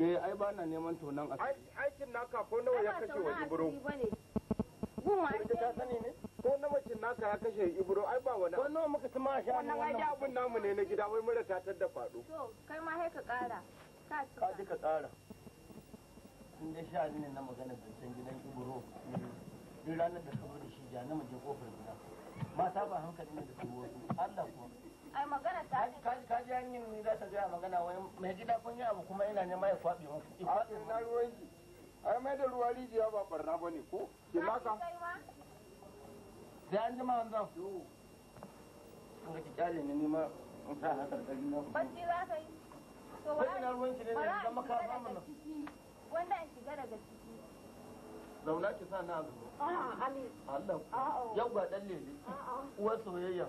eh ai ba na neman aikin naka ko nawa ya kashe wa ibro guma ta sani ne ko na naka ya kashe ibro ai ba wani ko nawa muka ci ma sha wannan wannan abun namu ne na gida wai mura ta tadda faɗo to kai ma sai ka ƙara ka ci ka ƙara in da sha ne na magana da zancen gidan iburo eh, duk ranar da ka da shi ja na muje kofar gida mata ba hankali ne da su wasu Allah ko ai magana ta ji kaji kaji hanyar ne za ta ga magana wai mai gida kun yi abu kuma ina ne mai kwabe muku ikwabe na ruwan ki ai mai da ruwa rijiya ba barna ne ko ki maka sai an jima wanzan kun ga ki kyale ne ma in sa na karkari na ku bacci za ka yi to ba ina ruwan ki ne da maka ba mana Wanda in shiga daga ciki. Zauna ki sa na zuwa. A'a, Allah. Ah, oh. Yau ga ɗan lele. Ah, oh. Uwar soyayya.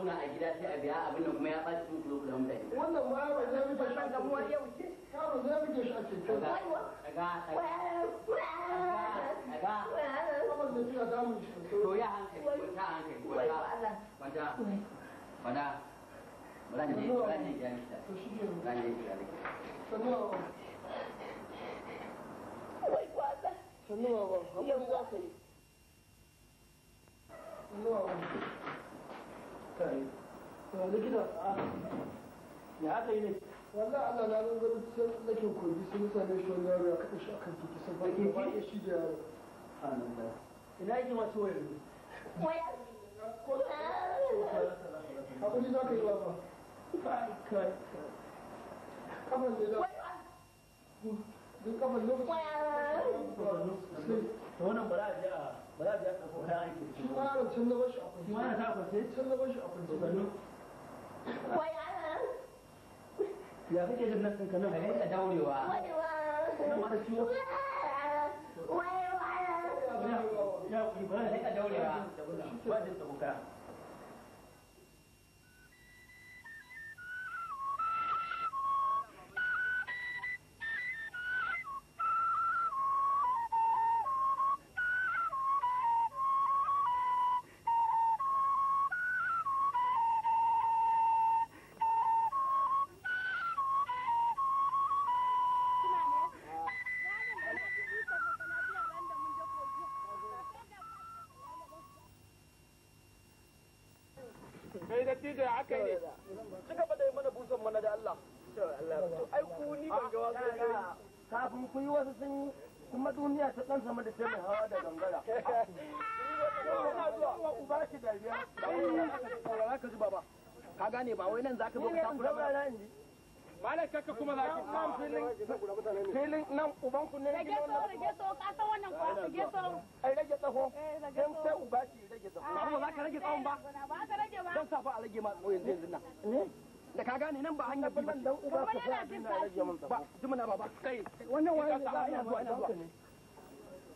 zauna a gida sai a biya abin nan kuma ya ɓaci mutane. Wannan ma ba zai yau ce. Yaro zai Daga daga daga. To ya hankali hankali kwanta. Kwanta. ne ne ne Sannu Yau za ka yi. Sannu likita ah, ya haka yi ne wallah Allah na zan zama cikin lakin kogi sun same shi wani yaro ya kaɗa shi akan titi sun fara gaba shi da yaro ina yake masu wayar ne za ka yi ba ba kafan da za duk kafan lokacin da wannan a ba da ya kake jin nan kanka nan daurewa kuma ciwo ya ba da daurewa ba da dattijo ya aka yi ne suka bada yi mana busan mana da Allah ai ku ni ban ga wasu ne kafin ku yi wasu sun kuma duniya ta dan sama da sai hawa da gangara ina zuwa ba shi dariya ka gane ba wai nan zaka zo ka takura ba malam shakka kuma za ki nan filin filin nan uban ku ne rage so rage so ka san wannan kuwa rage so ai rage tsaho dan sai uba shi rage tsaho amma za ka rage tsawon ba ba ka rage ba dan safa a rage ma tsaho yanzu yanzu nan da ka gane nan ba hanyar bi ba dan uba ka sa ina rage mun ba jimina baba kai wannan wani da a zuwa ina ba.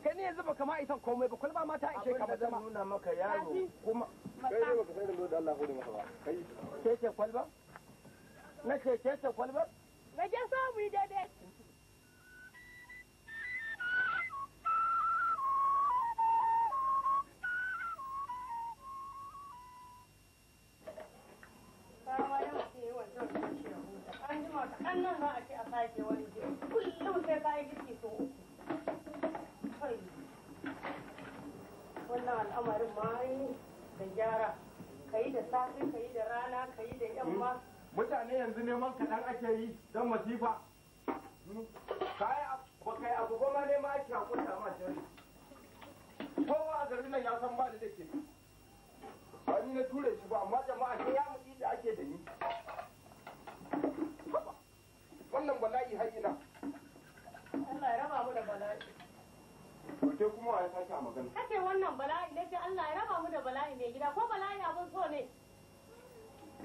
kai ne yanzu ba kama isan komai ba kwalba ma ta ishe ka ba zama nuna maka yaro kuma kai ne baka sai da Allah hudu maka ba kai ce kwalba na keke ta kwalbar? na je so yi daidai za a ce a sake wani sai ka yi girki wannan al'amarin ma da gyara ka yi da safe ka yi da rana ka yi da yamma mutane yanzu neman kaɗan ake yi don masifa ba kai abu goma ne ma ake hakuri a mashin kowa a garin nan ya san ba da ke ba ni na ture shi ba amma jama'a sai ya mutu da ake da ni wannan bala'i har ina Allah ya raba mu da bala'i to kuma wa ya tashi a magana kake wannan bala'i nake Allah ya raba mu da bala'i mai gida ko bala'i abin so ne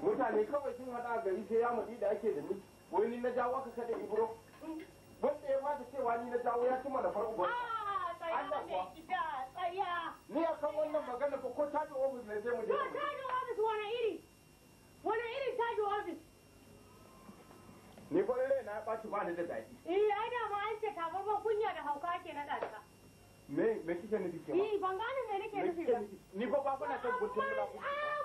mutane kawai sun haɗa gari sai ya da ake da ni wai ni na jawo aka kada ibro wanda ya fata cewa ni na jawo ya cimma da farko ah, ni a kan wannan magana ko ko tajo ofis ne zai mu je tajo ofis wani iri wani iri tajo ofis ni ko rai na ɓaci ba ni da daɗi eh ai da ma an ce kamar ba kunya da hauka ake na ɗaɗa me me kike nufi ke ba eh, ban gane me nake nufi ba ni ko ba kuna kan gutun ba ku ah,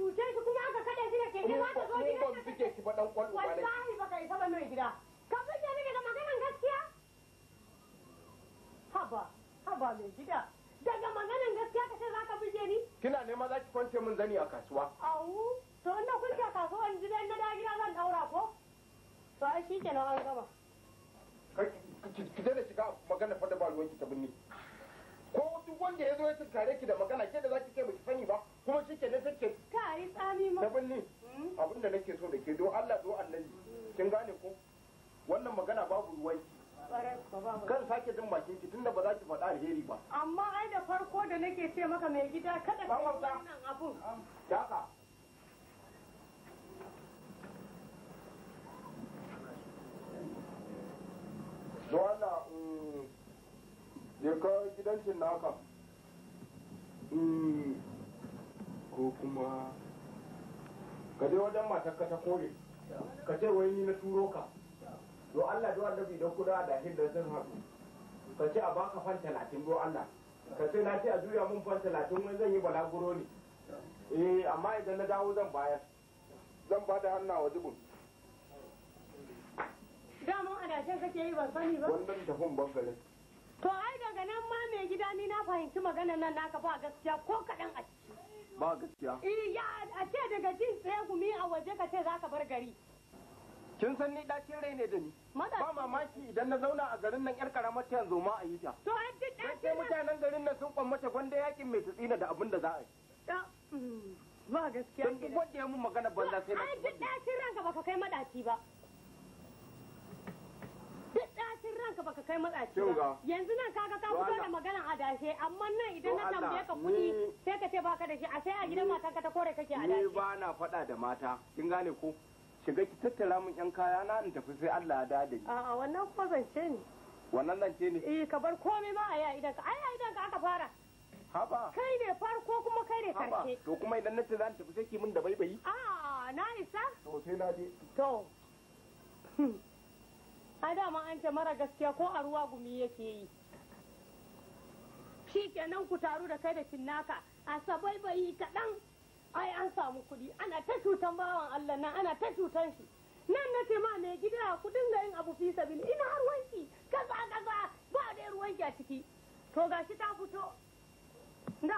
cuce shi kuma aka kaɗe shi da keke ba ta zo gida ta kaɗe shi ba ɗan ƙwallo ba ne. Wallahi ba kai saba mai gida. Ka fice ni daga maganan gaskiya? Haba, haba mai gida. Daga maganan gaskiya ka ce za ka fice ni? Kina nema za ki kwance min zani a kasuwa. Awu, to inda kun ce kasuwan in na da gida zan daura ko? To ai shi kenan an gama. Ki daina shiga magana fa da ba ruwanki ta binni. Ko duk wanda ya zo ya tunkare ki da magana ke da za ki ce ba ki sani ba. kuma shi ke na sarki ta yi tsami ma tabin ni abinda nake so da ke don Allah do annabi kin gane ko wannan magana babu ruwai kan sake jin bakin ki tunda ba za ki faɗa alheri ba amma ai da farko da nake ce maka mai gida kada ka yi wannan abun daka don Allah mm, je ka gidancin naka mm. ko kuma ka je wajen matar ka ta kore ka ce wai ni na turo ka do Allah do bi don kuda da hin da zan haɗu ka ce a baka fan talatin do Allah ka ce na ce a juya mun fan talatin wani zan yi balaguro ne eh amma idan na dawo zan bayar zan ba da hannawa dubun daman adashen kake yi ban sani ba wannan tafin bangaren to ai daga nan ma mai gida ni na fahimci maganar nan naka ba gaskiya ko kaɗan a ciki ba gaskiya eh ya a ce daga jin tsaye gumi a waje ka ce zaka bar gari kin san ni ɗakin rai ne da ni ba mamaki idan na zauna a garin nan yar karamar ta yanzu ma a yi ta to an ji ɗakin sai mutanen garin nan sun kwammace gwanda yakin mai tsina da abin da za a yi mm, ba gaskiya don duk wanda ya mun magana banza sai na an duk ɗakin ranka ba ka kai madaci ba ranka baka kai matsaci ba yanzu nan kaga ka fito da maganan adashe amma nan idan na tambaye ka kuɗi sai ka ce baka da shi a sai a gidan matanka ta kore kake adashe ni ba na faɗa da mata kin gane ko shiga ki tattara min yan kaya na in tafi sai Allah ya da ni a'a wannan kuma zance ne wannan zance ne eh ka bar komai ma a yi a idan ka ai a idan ka aka fara haba kai ne farko kuma kai ne karshe to kuma idan na ce zan tafi sai ki min da baibayi a na isa to sai na je to ai dama an ce mara gaskiya ko a ruwa gumi yake yi shi kenan ku taru da kai da cinnaka a sabai bai kaɗan ai an samu kuɗi ana ta cutan bawan Allah nan ana ta cutan shi nan na ce ma mai gida ku dinga yin abu fi sabili ina ruwanki kaza kaza ba da ruwanki a ciki to gashi ta fito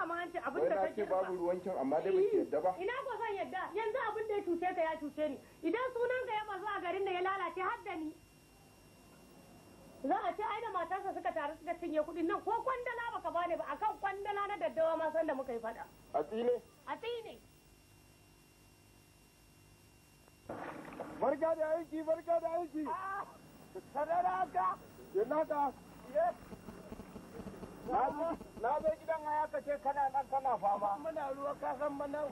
ma an ce abin da kake babu ruwankin amma dai baki yadda ba ina ko san yadda yanzu abin da ya cuce ka ya cuce ni idan sunan ka ya bazu a garin da ya lalace har da ni za a ce aina da matarsa suka taru suka cinye kuɗin nan ko kwandala baka bani ba akan kwandala na daddawa ma san da muka yi fada a tsine a tsine barka da aiki barka da aiki ah! sarara ka yana ka na zo gidan haya ka ce kana nan kana fama muna ruwa ka san mana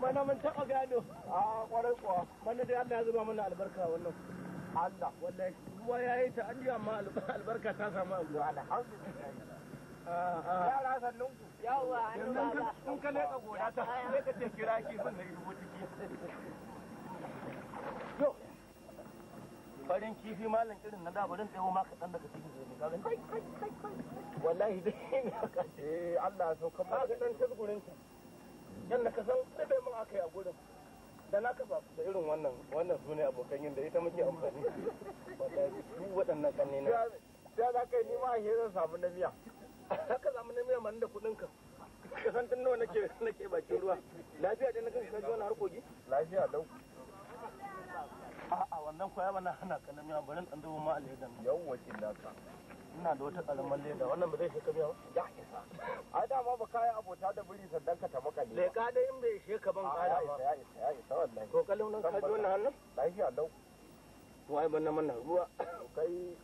mana mun taɓa gano a ah, kwarai kuwa mana dai Allah ya zuba mana albarka wannan Allah wallahi ruwa ta amma albarka ta samu yara sannun ku yawa an ba kun ka leka ta kira ki son da yo farin kifi irin na da barin daga cikin zai ka gani wallahi dai eh Allah so ka ka yanda ka san mun akai a gurin da na kafa da irin wannan wannan su ne abokan yin da ita muke amfani su waɗannan ƙanne na ya za ka yi nima a hirar samu na miya haka samu na miya mani da kuɗin ka ka san tun nawa nake nake bakin ruwa lafiya da na kan shi wani harkoki lafiya lau a'a wannan kwaya na hana ka na miya bari in ɗan dubo ma alhedan yawwa kin da ka ina da wata karamar leda wannan ba zai shi kamiya ba a dama ba kaya abota da buri sandan ka ta maka ne ka da in bai shi ka ban kaya ba ya isa ya isa wallahi to kallon nan ka ji wannan hannun lafiya lau to ai banna mana ruwa kai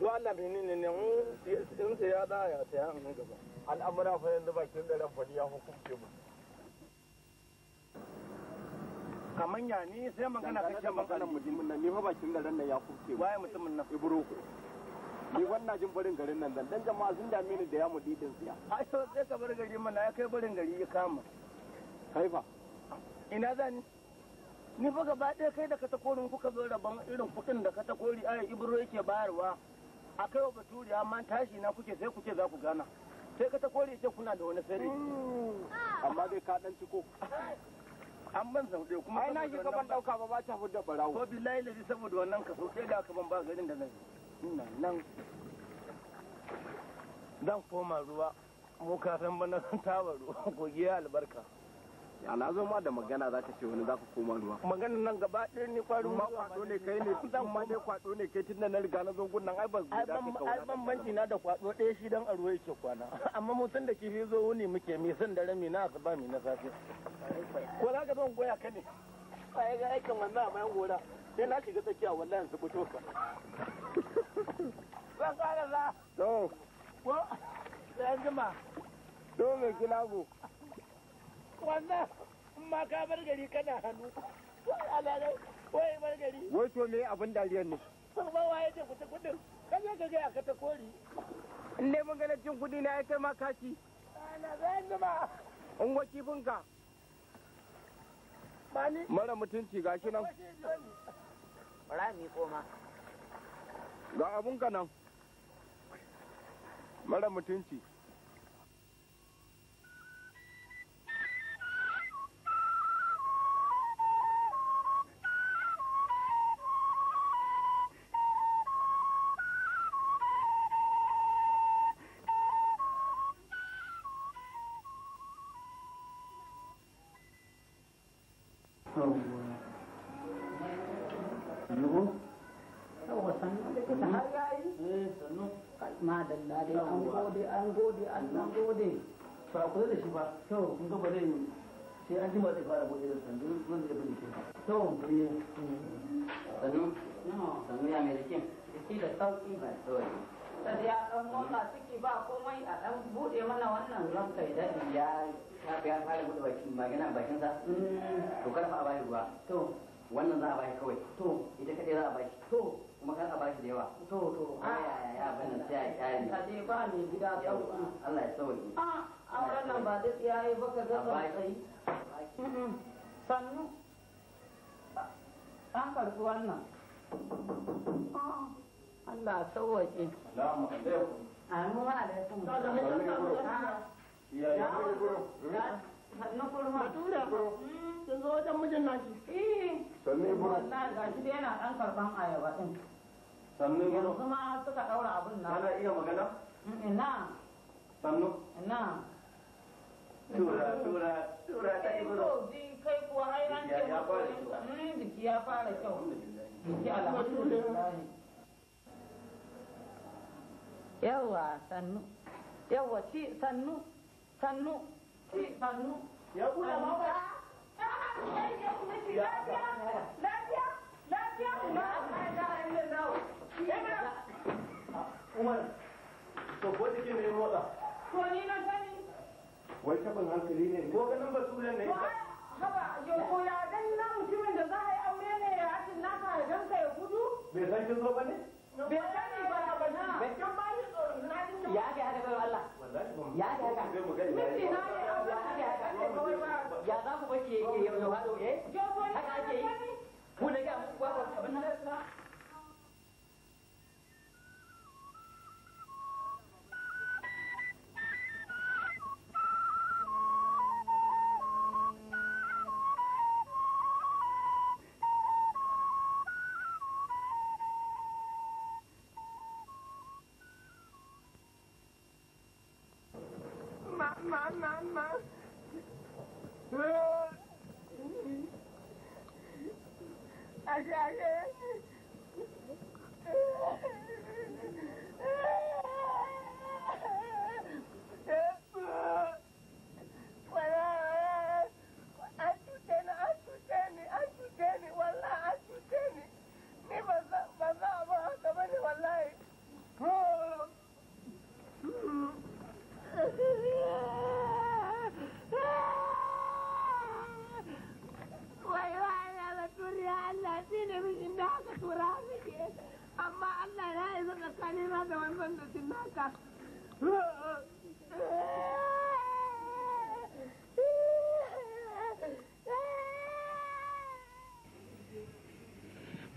duk Allah bai ne ne in sai ya da ya sai an gaba al'amura fa yanzu bakin da ran fani ya hukunce mu kamar ya ni sai magana ka ce maganar mutumin nan ni fa bakin garin nan ya kurce waye mutumin nan ibro ni wannan jin barin garin nan dan jama'a sun dame ni da ya mu didin siya ai to sai ka bar gari mana ya kai barin gari ya kama kai fa ina zan ni fa gaba ɗaya kai da katakorin kuka zo rabon irin kuɗin da katakori aya ibro yake bayarwa a kai wa baturi amma tashi na kuke sai kuke za ku gana sai katakori ce kuna da wani sirri amma dai ka ɗan ciko an ban sau ɗaya kuma ai na shiga ban ɗauka ba ba ta fudda barawo ko billahi lazi saboda wannan ka sau ɗaya ka ban ba garin da na nan nan zan koma ruwa mu ka san bana tawa ruwa kogiya albarka a na zo ma da magana za ka ce wani za ka koma ruwa magana nan gaba ɗaya ne kwarin ma kwaɗo ne kai ne zan ma dai kwaɗo ne kai tun da na riga na zo gun nan ai ban ai bambanci na da kwaɗo ɗaya shi dan a yake kwana amma mu tun da kifi zo wuni muke me san da rami na asuba mi na safe ko za ka zo goya ka ne ai ga aikin wannan a bayan gora sai na shiga tsakiya wallahi su fito ka zan ƙara za to ko sai yanzu ma to mai kilago wannan in ma ka bar gari kana hannu wai bar gari wai to me abin dariyar ne sau ba waye ce kuta kudin ka je ka gaya ka ta kori in dai mun ganin cin kudi na ya kai ma kashi na zai zuma in wa kifin ka mara mutunci ga shi nan bara mi koma ga abun ka nan mara mutunci madalla dai an gode an gode an gode ba ku da shi ba to kun ga bare sai an jima zai fara bude da sandu kun da bin shi to biye sannu sannu ya mai rikin shi da sauki ba tsori sai ya dan motsa ciki ba komai a dan bude mana wannan ranka idan ya ya ya fara bude bakin magana bakin sa mm. to karfa a bayi ruwa to wannan za a bayi kawai to ita kadai za a bayi to kuma kan a bashi da yawa to to a ya bani sai a kyale Ka je ba ne gida sauki Allah ya sauki ah, a a wannan ba da tsiyaye ba ka ga sai sannu an karɓi wannan ah, Allah sauwaƙe. Salamu alaikum. Amu ah, alaikum. Salamu alaikum. sannan tura bature sun mm. zo wajen mijin naki eh. sannan ibura wallahi gashi da yana dan karban ayaba din sannu yanzu suka daura abin na kana iya magana ina sannu ina tura tura tura ta yi ko ji kai kuwa ai ran ke ya fara kyau jiki ya fara kyau jiki alhamdulillah yawa sannu yawa ci sannu sannu ci sannu ya kula umar to ko cikin ne motsa to ni na sani wai tabin hankali ne ko ganin ne haba ya dan na mutumin da za a yi aure ne ya hatin naka ya danka ya gudu Me san kin zo ba ne sani ba ba na kan ba tsoro na ya ga ya ga Allah wallahi ya ga ya Mom.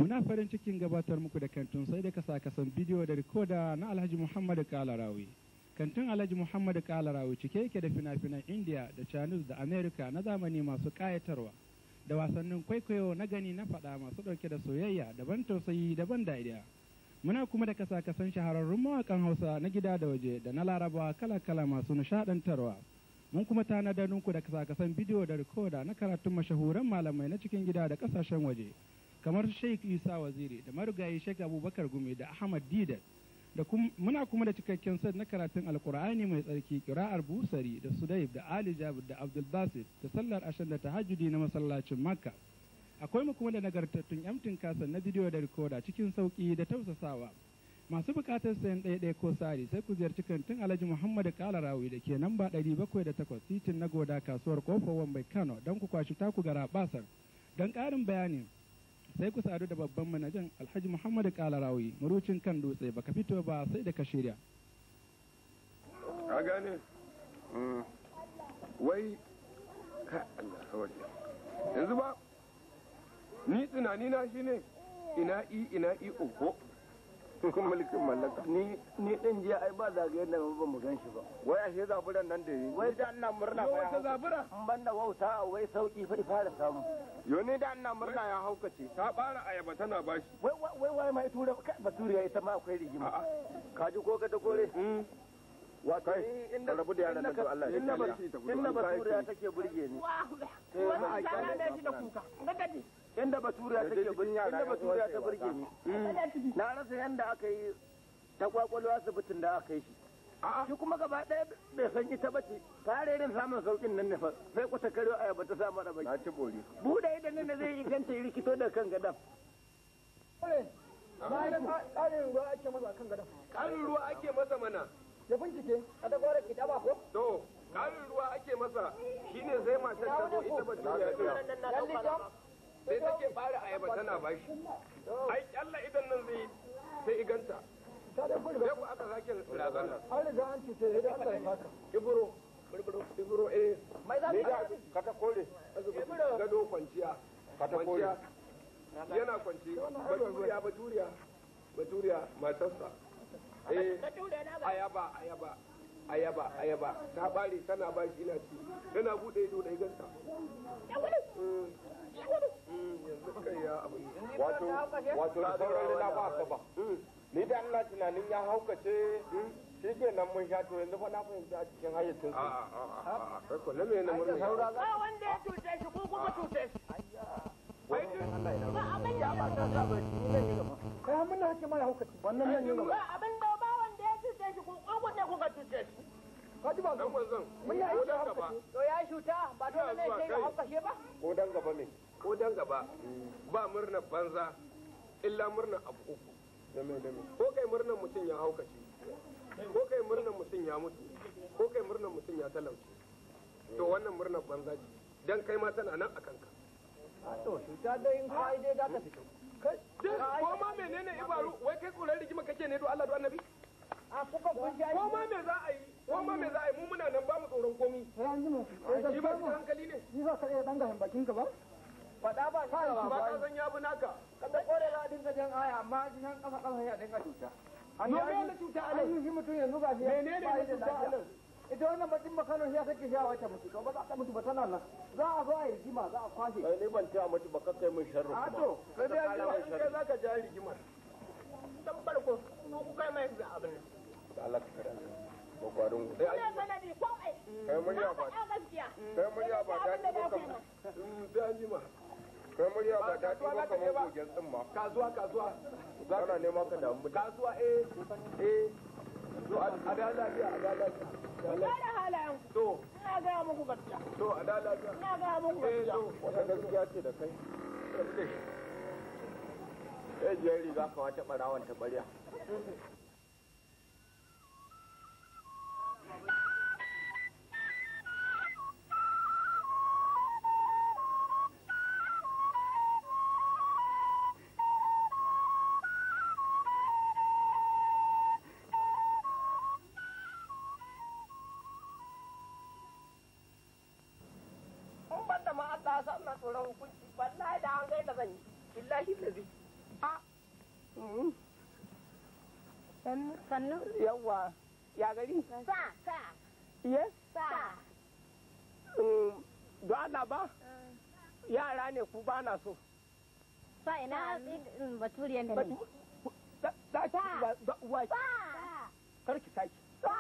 Muna farin cikin gabatar muku da kantin sai da kasa kasan bidiyo da rikoda na Alhaji Muhammadu Kalarawi. Kantin Alhaji Muhammadu Kalarawi cike yake da fina-finan India da Chinese da America na zamani masu kayatarwa. Da wasannin kwaikwayo na gani na faɗa masu ɗauke da soyayya daban tausayi daban dariya. Muna kuma da kasa kasan shahararrun mawakan Hausa na gida da waje da na Larabawa kala-kala masu nishadantarwa mun kuma tanadar da kasan bidiyo da rikoda na karatun mashahuran malamai na cikin gida da kasashen waje kamar sheikh isa waziri da marigayi sheikh abubakar gumi da ahmad didat da muna kuma da cikakken set na karatun alkur'ani mai tsarki kira'ar busari da sudaib da ali jabir da abdul basit da sallar ashan da tahajjudi na masallacin makka akwai mu kuma da nagartattun yamtin kasan na bidiyo da rikoda cikin sauki da tausasawa masu bukatar sayan ɗaya ko sari sai ku ziyarci kantin alhaji muhammadu kalarawi da ke nan ba ɗari bakwai da takwas titin na goda kasuwar kofar wambai kano don ku kwashi taku gara basar don ƙarin bayani sai ku sadu da babban manajan alhaji muhammadu kalarawi marucin kan dutse baka fito ba sai da ka shirya a gane mm. wai ka Allah yanzu ba ni tunanina shine ina i ina i oho mulkin mallaka ni ni din jiya ai ba zagaye da ba mu gan shi ba wai ashe zaburan nan da yi wai da ina murna ba wai zabura in banda wauta a wai sauki fa fara samu yo ni da ina murna ya haukace ta bara ayaba tana bashi wai wai wai mai tura baturiya ita ma akwai rigima ka ji ko ka ta kore hmm. wato inda rabu da yaran nan to Allah ya kiyaye inda baturiya take burge ni wa eh, ma a kiyaye da kuka inda basura take burge inda baturiya ta burge ni mm. na rasa yanda aka yi ta kwakwalwa asibitin da aka yi shi shi kuma gaba ɗaya bai san ita ba ce irin samun saukin nan ne fa sai kusa karyo a yaba ta samu da baki ci bori buɗe idan ne zai inganta yi rikito da kan gadan ƙarin ruwa ake masa kan gadan ƙarin ruwa ake masa mana ya bincike a da gwarar kitaba ko to ƙarin ruwa ake masa shine zai matar ta zo ita ba ta yi sai take bare ayaba tana bashi ai kyalla idan nan zai sai iganta sai ku aka an sai da Allah ya baka ibro ibro ibro eh mai ka ta kore gado kwanciya ka ta kore yana kwanci baturiya baturiya baturiya matarsa eh ayaba ayaba ayaba ayaba ta bare tana bashi ina ci tana bude ido da iganta wato da sauran ba ka ba ni da Allah tunanin ya haukace shi ke nan mun sha to yanzu fa na fahimci a cikin hayyacin su a ko wanda ya shi ko kuma shi ba abin da ba ta ne gaba kai mara wannan nan ne ba abin da ba wanda ya shi ko ne shi Kaji ba zan mun ya yi to ya shuta ba dole ne ba ko dan gaba ne ko dan gaba ba murnar banza illa murnar abu uku ko kai murnar mutum ya haukace ko kai murnar mutum ya mutu ko kai murnar mutum ya talauce to wannan murnar banza ce dan kai ma tana nan a kanka ah, to cuta dai in kai dai za ka fito ko ma menene ibaru wai kai tsoron rigima kake ne do Allah do annabi ah, ko ma me za a yi ko ma me za a yi mu muna nan ba mu tsoron komi shi ba hankali ne shi ba ka iya dan gahin bakin ka ba faɗa ba fara ba ba kasan ya bi naka kada kore za a jan aya amma nan kafa kafa ya dinga cuta no me ne cuta a nan shi mutum yanzu ne cuta a nan ita wannan bakin bakano ya take sha wata mutu to ba za ta mutu ba tana nan za a zo a yi rigima za a kwashe kai ne ban ta mutu ba kai a to kai da kai za ka ja rigimar dan ku kai mai abin Allah ka ai kai kai ta ji ba kan sai an kai murya ba ta ba kamar gogen tsimma kazuwa kazuwa nema ka damu mutum kazuwa eh eh a da lafiya a da lafiya da halayen to ina ga muku gaskiya to a da lafiya ina ga muku eh, gaskiya wata gaskiya ce da kai eh jeri za ka wata barawan ta Allah tsoron hukunci wallahi da an gaida zan yi billahi da zai a sannu yawwa ya gari sa sa yes sa don Allah ba yara ne ku ba na so sa ina baturiyan da ne sa sa karki saki sa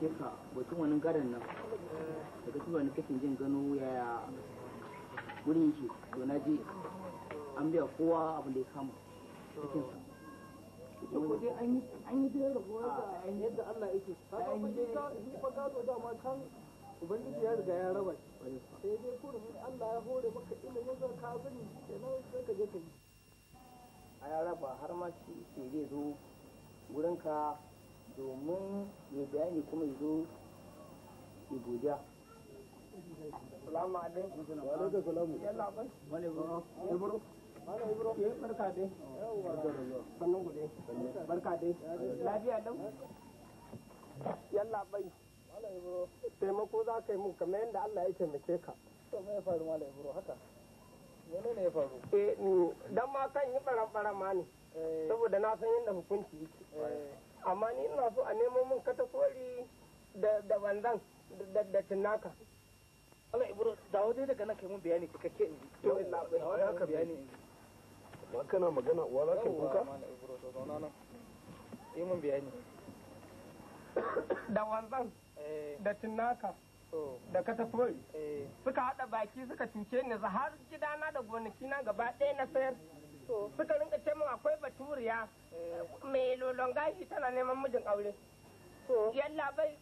sheka batun wani garin nan daga tuba na kake jin gano yaya wurin yake to na je an biya kowa abin da ya kama cikinsa ita ko dai an yi an yi da rabuwa yadda Allah yake ka ga kan ubangiji ya riga ya raba sai dai Allah ya hore maka ilimin zan ka kenan sai ka je ka yi a ya raba har ma shi ke zai zo wurinka domin ya bayani kuma zo salamu alaikum wa salamu yalla wale wale ke barka dai sannan barka dai lafiya yalla bai wale taimako za ka yi mun kamar yadda Allah ya taimake ka to me ya faru wale haka ya faru eh dan ma kan yi baran ma ne eh. saboda na san yadda hukunci yake eh. sa a nemo min katakori da wanzan da tunaka Allah ibro da dai daga nan kai mun bayani cikakke in ji to illa bai bayani in ji ba kana magana uwa za ka kuka yi mun bayani da wanzan eh. da tunaka da katakori eh. suka haɗa baki suka cuce ni har gidana da gonakina gaba ɗaya na sayar suka rinka ce min akwai baturiya mai lolon gashi tana neman mijin aure yalla bai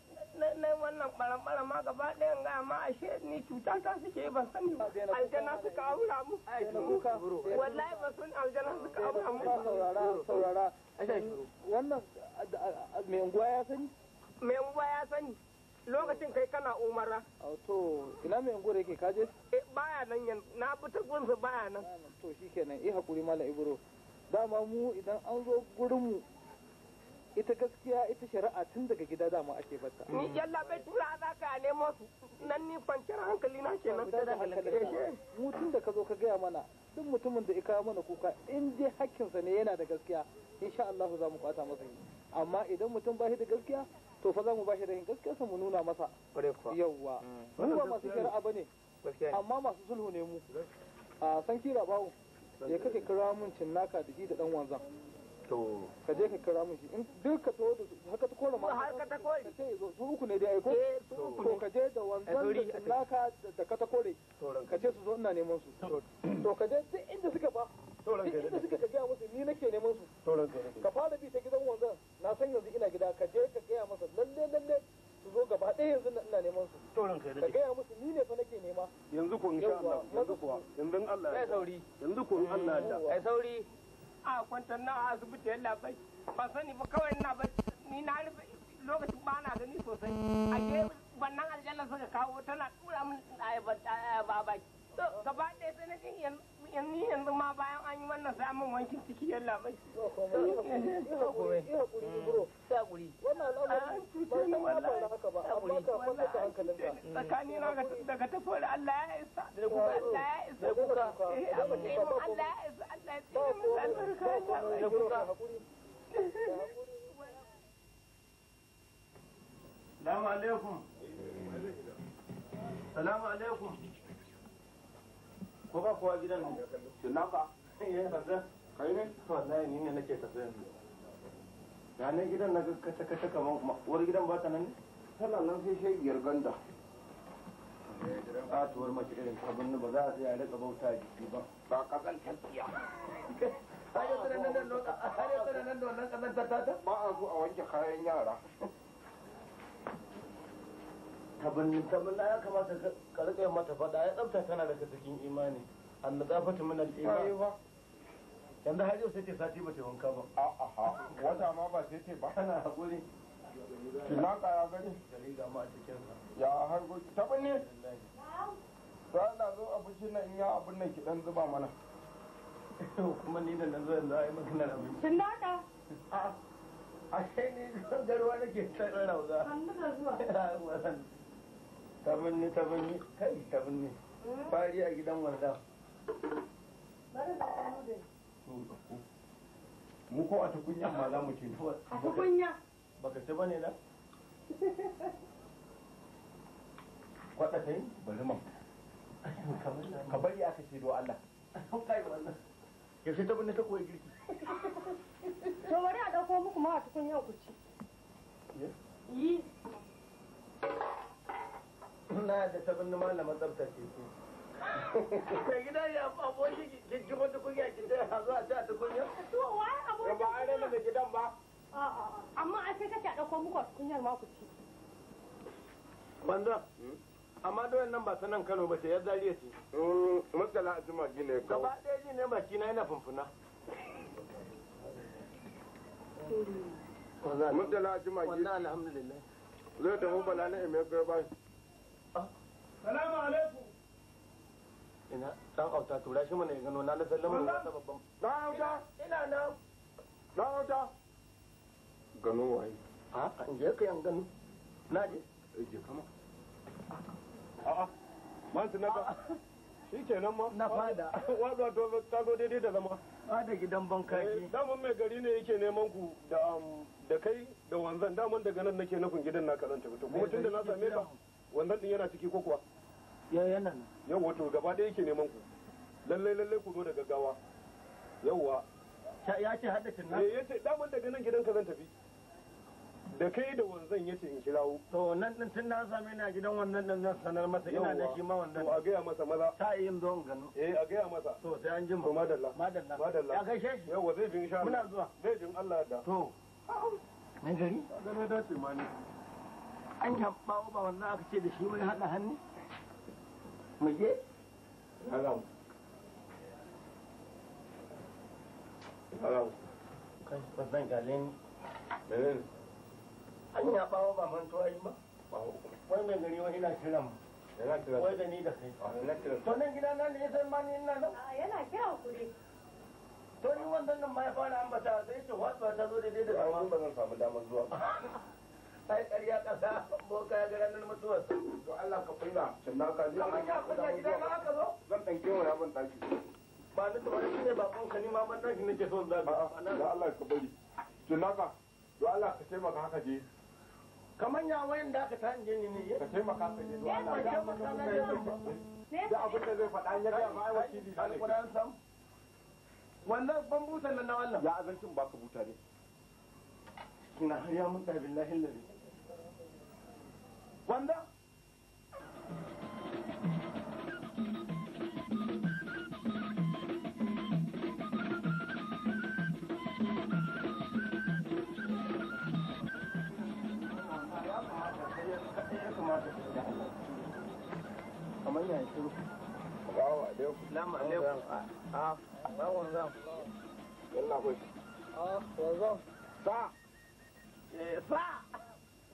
na wannan ɓaran ma gaba ɗayan gaya ma ashe ni cuta ta suke ban sani ba aljana suka aura mu wallahi ba sun aljana suka aura mu saurara wannan mai unguwa ya sani mai unguwa ya sani lokacin kai kana umara to ina mai ngore yake kaje eh baya nan yan na fita gunsa baya nan to shikenan eh hakuri malam ibro dama mu idan an zo gurin mu ita gaskiya ita shari'a tun daga gida dama ake bata ni yalla bai tura za ka ne musu nan ni kwanciyar hankali na kenan mu tun da ka zo ka gaya mana duk mutumin da ya kawo mana kuka in dai hakkinsa ne yana da gaskiya insha Allah za mu kwata masa amma idan mutum ba shi da gaskiya to fa za mu bashi da gaske sun mu nuna masa yawwa mm. mu ba masu shari'a bane amma masu sulhu ne mu a san kira bawo ya kake kira mun cinnaka da shi da dan wanzan to ka je ka kira mun shi in duk ka to haka ta kora ma har ka ta kore ce zo su uku ne dai ko eh, to ka je da wanzan da cinnaka da ka ta kore ka ce su zo ina neman su to ka je duk inda suka ba duk inda suka ka ga musu ni nake neman su ka fara bi ta gidan wanzan na san yanzu ina gida ka je ka gaya masa lalle lalle su zo gaba ɗaya yanzu ina neman su ka gaya musu ni ne fa nake nema yanzu ko insha Allah yanzu ko yanzu Allah ya sauri yanzu ko Allah ya ai sauri a kwantar na a asibiti yalla bai ba sani ba kawai ina ba ni na rufe lokacin ba na gani sosai a ke wannan aljanna suka kawo tana tura min a baki gaba ɗaya sai na jin yanzu yanzu yanzu ma bayan an yi wannan samun wankin ciki yan labai tsakani na daga Allah ya isa da kuka da kuka da kuka ko ba kowa gidan ne shinnafa eh banza kai ne wallahi ni ne nake tafiya ya ne gidan na kaman gidan ba ta nan ne tana nan sai shi biyar ganda katuwar mace irin kabin ba za a sai a rika bauta jiki ba ba kasan tafiya har yanzu nan da wannan kasan ta ba a so a wanke kayan yara tabin tabin ya kamata ka rika mata fada ya tsafta tana daga cikin imani an da zafata min al'imani yanzu har yau sai ce sati ba ce wanka ba a'a wata ma ba sai ce ba na hakuri na kaya gani jarida ma a cikin ya har gobe tabin ne sai na zo a fushi na in ya abin nan ki dan zuba mana kuma ni da nan zo yanzu ai maganar abin tun da haka a'a ashe ni garwa nake tsararauza an da zuwa ta binni ta binni kai ta binni hmm? fari a gidan wanda mu ko a tukunya ma za mu ce a tukunya baka ci bane da kwada kai bari man ka bari aka ce do Allah kai wannan yaushe ta binne ta koyi girki to bari a dauko muku ma a tukunya ku ci yi na da ta numar malama tsabta ce kai gida ya abuwa shi gijji wata kunya ki ta yanzu a ta ta tukunya to wa aboki ba ai da gidan ba amma a sai kace a dauko muku kunyar ma ku ci banza amma doyan nan ba sanan Kano ba ce yar zariya ce matsala mm, a jima ya kawo gaba ɗaya ji ne baki na yana funfuna matsala hmm. a jima gine wannan alhamdulillah zai ta hukula na ime kai ba salamu alaikum ina dan auta tura shi mana ya gano na na sallama ne wata babban dan auta ina nan dan auta gano waye a an je ka yan gano na je eh, je kama a a man tuna ka shi nan ma na fada wadwa to ta zo daidai da zama a da gidan bankaki eh, daman mai gari ne yake neman ku da da kai da wanzan daman daga nan nake nufin gidan na karanta to kuma tunda na same ka wannan din yana ciki ko kuwa ya yana nan yawa to gaba ɗaya yake neman ku lalle lalle ku zo da gaggawa yawa ya ce haddacin na eh, ya ce daman daga nan gidanka zan tafi da kai da wanzan ya ce in kirawo to nan din tun na same na gidan wannan din nan sanar masa ina da shi ma wannan to a gaya masa maza ta yi in zo gano eh a gaya masa to sai an ji to madalla madalla madalla ya gaishe shi yawa zai bin insha muna zuwa zai bin Allah da to ne gari ga na dace ma ne an yan bawo ba wannan aka ce da shi wani haɗa hannu mu je an ya ba yi ba wai mai gari wani na kiran mu wai da ni da kai ah, to nan gida nan san ma ni ina nan ah, yana kira ku to ni wannan nan ma ya fara ambata sai ce wasu ta zo daidai da ba zan samu damar zuwa sai ƙarya ƙasa boka ya garanar mutuwarsa. To Allah ka kula, sannan ka ji. Kamar ya kula gida ma aka zo? Zan ɗan kewaya ban ɗaki. Ba ni tawari shi ne bakon ka nima ban ɗaki nake son zabi. Da Allah ka bari. Tunaka, do Allah ka taimaka haka je. Kamar ya wayan da aka tanje ni ne. Ka taimaka haka je. Ya ban taimaka na yau. Da abin da zai faɗa ya ga ma wakili da ne. Wannan ban butan nan na wannan. Ya azancin baka buta ne. Ina har ya mun ɗabin lahin lalle. ¿Cuándo? Assalamu alaikum. Ah, đến wanzan. Yalla kuwa. Ah, wanzan. Ah, sa. Eh, sa.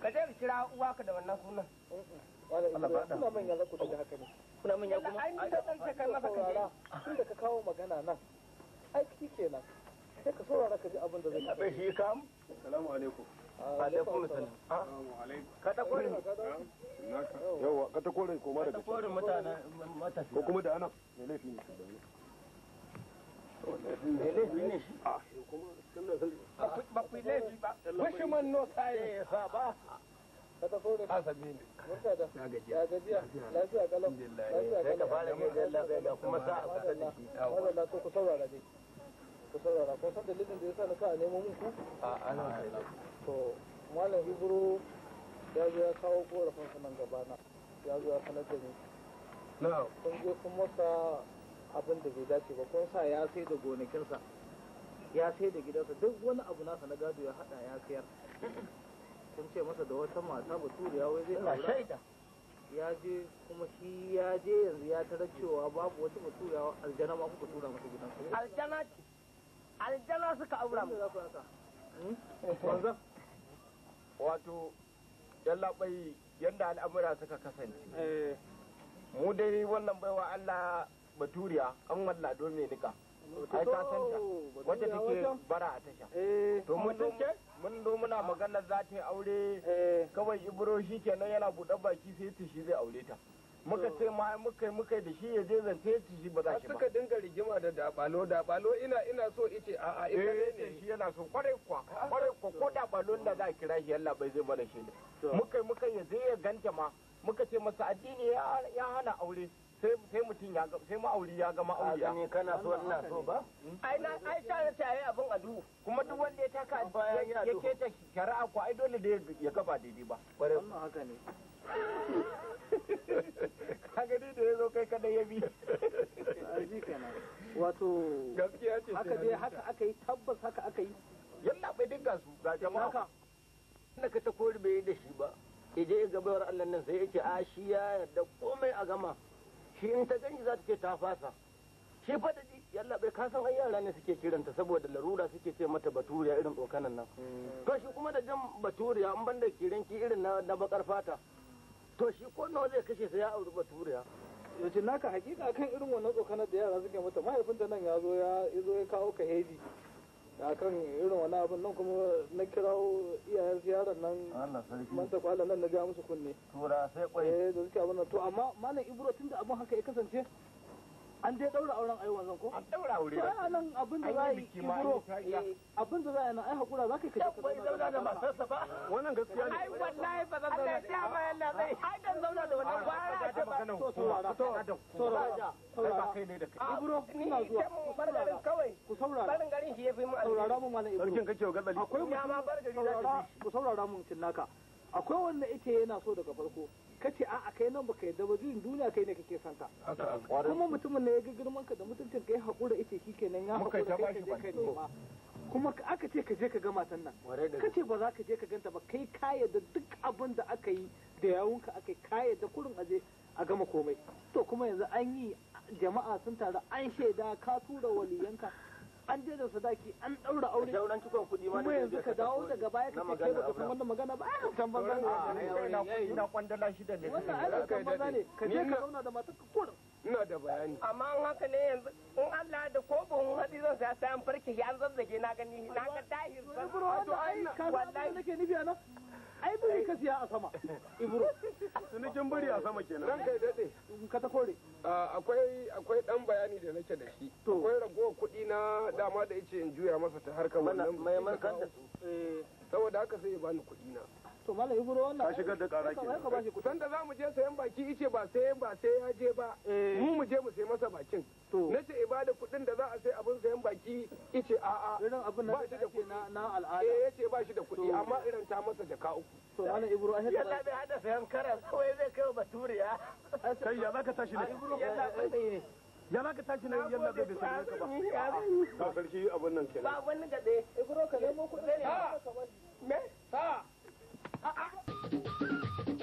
ka je ka kira uwa ka da wannan sunan kuma manya za ku daga haka ne kuna manya kuma ai ni da tsanta kan masa kaje tun da ka kawo magana nan ai kike kenan sai ka saurara ka ji abin da zai kafa shi kam assalamu alaikum alaikum salam ah. ka ta kore yawa ka ta kore ko ma daga ko kuma da anan ne laifi ne mai ka da ya gajiya ya gajiya lafiya kalau lafiya kalau ka fara yin galla kuma a ka malam ibro ya zo ya kawo korafin sanan gaba ya zo ya sanar da ni na'am kun je kun masa abin da bai dace ba kun sa ya sai da gonakinsa ya sai da gidansa duk wani abu nasa na gado ya hada ya sayar kun ce masa da wata mata baturiya wai zai aura ya je kuma shi ya je yanzu ya tara cewa babu wata baturiya aljana ma kuka tura masa gidansa aljana ce aljana suka aura mu wato yallaɓai yadda al'amura suka kasance eh. mu dai wannan baiwa Allah baturiya an walla don mai nika ai ka san ta wacce take bara a tasha eh, to mun don muna maganar za ta aure eh. kawai ibro shi kenan yana buɗe baki sai ta shi zai aure ta muka ce ma muka muka da shi ya je zance ta shi ba za shi ba suka dinga rigima da dabalo dabalo ina ina so ice a a ina ne shi yana so kwarai kwa kwarai kwa ko dabalon da za a kira shi yalla bai zai bada shi muka muka ya je ya ganta ma muka ce masa addini ya hana aure sai mutum ya sai ma'auri ya gama auri ya kana so ina so ba ai na ai ta na tayi abin adu kuma duk wanda ya taka ya keta shari'a ko ai dole da ya gaba daidai ba amma haka ne ka gani da yazo kai kada ya bi aji kenan wato gaskiya ce haka dai haka aka yi tabbas haka aka yi yalla bai dinga su ga jama'a da ka ta kori bai yi da shi ba ije je gabayar Allah nan sai yake a shi ya yarda komai a gama shi in ta gani za ta ce ta fasa shi fa da yalla bai ka san ai yara ne suke kiranta saboda larura suke ce mata baturiya irin tsokanan nan mm. to shi kuma da jan baturiya in banda kiranki irin na na bakar fata to shi ko nawa zai kashe sai ya auri baturiya yace naka hakika kan irin wannan tsokanar da yara suke mata mahaifinta nan ya zo ya zo ya kawo ka hedi a kan irin wani abin nan kuma na kirawo iyayen ziyarar nan manta kwallon nan na ja musu kunne tura sai kwaye eh, da suke abin nan to amma malam ibro da abin haka ya kasance an dai daura auren ayi wanzan ko an daura aure ba nan abin da za yi ki kibro abin da za yi na ai hakura za ka kaje ka zauna da matarsa ba wannan gaskiya ne ai wallahi ba zan zauna Allah ya ma yalla zai ai dan zauna da wannan ba gwara ta ba to to to to ba kai ne da kai ibro ina zuwa ku saurara kawai ku saurara barin garin shi yafi mu saurara mu malam ibro sarkin kake ga dali akwai mu ya ma bar gari ku saurara mu naka akwai wanda yake yana so daga farko ka ce a'a kai nan baka yadda ba juyin duniya kai ne kake ta kuma mutumin ne ya ga girman ka da mutuncin kai haƙura ita shi kenan ya haƙura kai ka kai nema kuma aka ce ka je ka ga matan nan ka ce ba za ka je ka ganta ba kai ka yadda duk abin da aka yi da yawunka aka yi ka yadda kurin aje a gama komai to kuma yanzu an yi jama'a sun taru an shaida ka tura waliyanka an je da sadaki an daura aure sauran cikon kudi ma da yanzu ka dawo daga baya ka kai baka san wannan magana ba ai san banza ne ah, na kwandala shi da ne wannan ai san banza ne ka je ka zauna da ka kullum ina da bayani amma an haka ne yanzu in Allah da ko ban hadi zan sai an farke an zazzage na gani na ga dahir san ai ka san nake nufi anan ai bari ka siya a sama ibro cinikin bari a sama kenan ranka ya dade ka ta kore akwai akwai dan bayani da nake da shi akwai ragowar kuɗi na dama da yace in juya masa ta harkar wannan mai man eh. saboda haka sai ya bani kuɗi na to mala ibro wannan ka shigar da kara ke kusan da je sayan baki ice ba sai ba sai ya je ba eh. mu mu je mu sayi masa bakin to ce ibada eh, kudin da za a sai abin sayan baki ice a a irin abin eh, ba shi da kudi na al'ada eh yace ba shi da kudi amma irin ta masa jaka uku to mala ibro a yalla bai hada sayan karas kawai zai kai baturiya kai ya tashi ne yalla bai ne ya ka tashi na yalla bai ka ba sarki abin nan kenan ba wani gade ibro ka nemo ne me ha あっ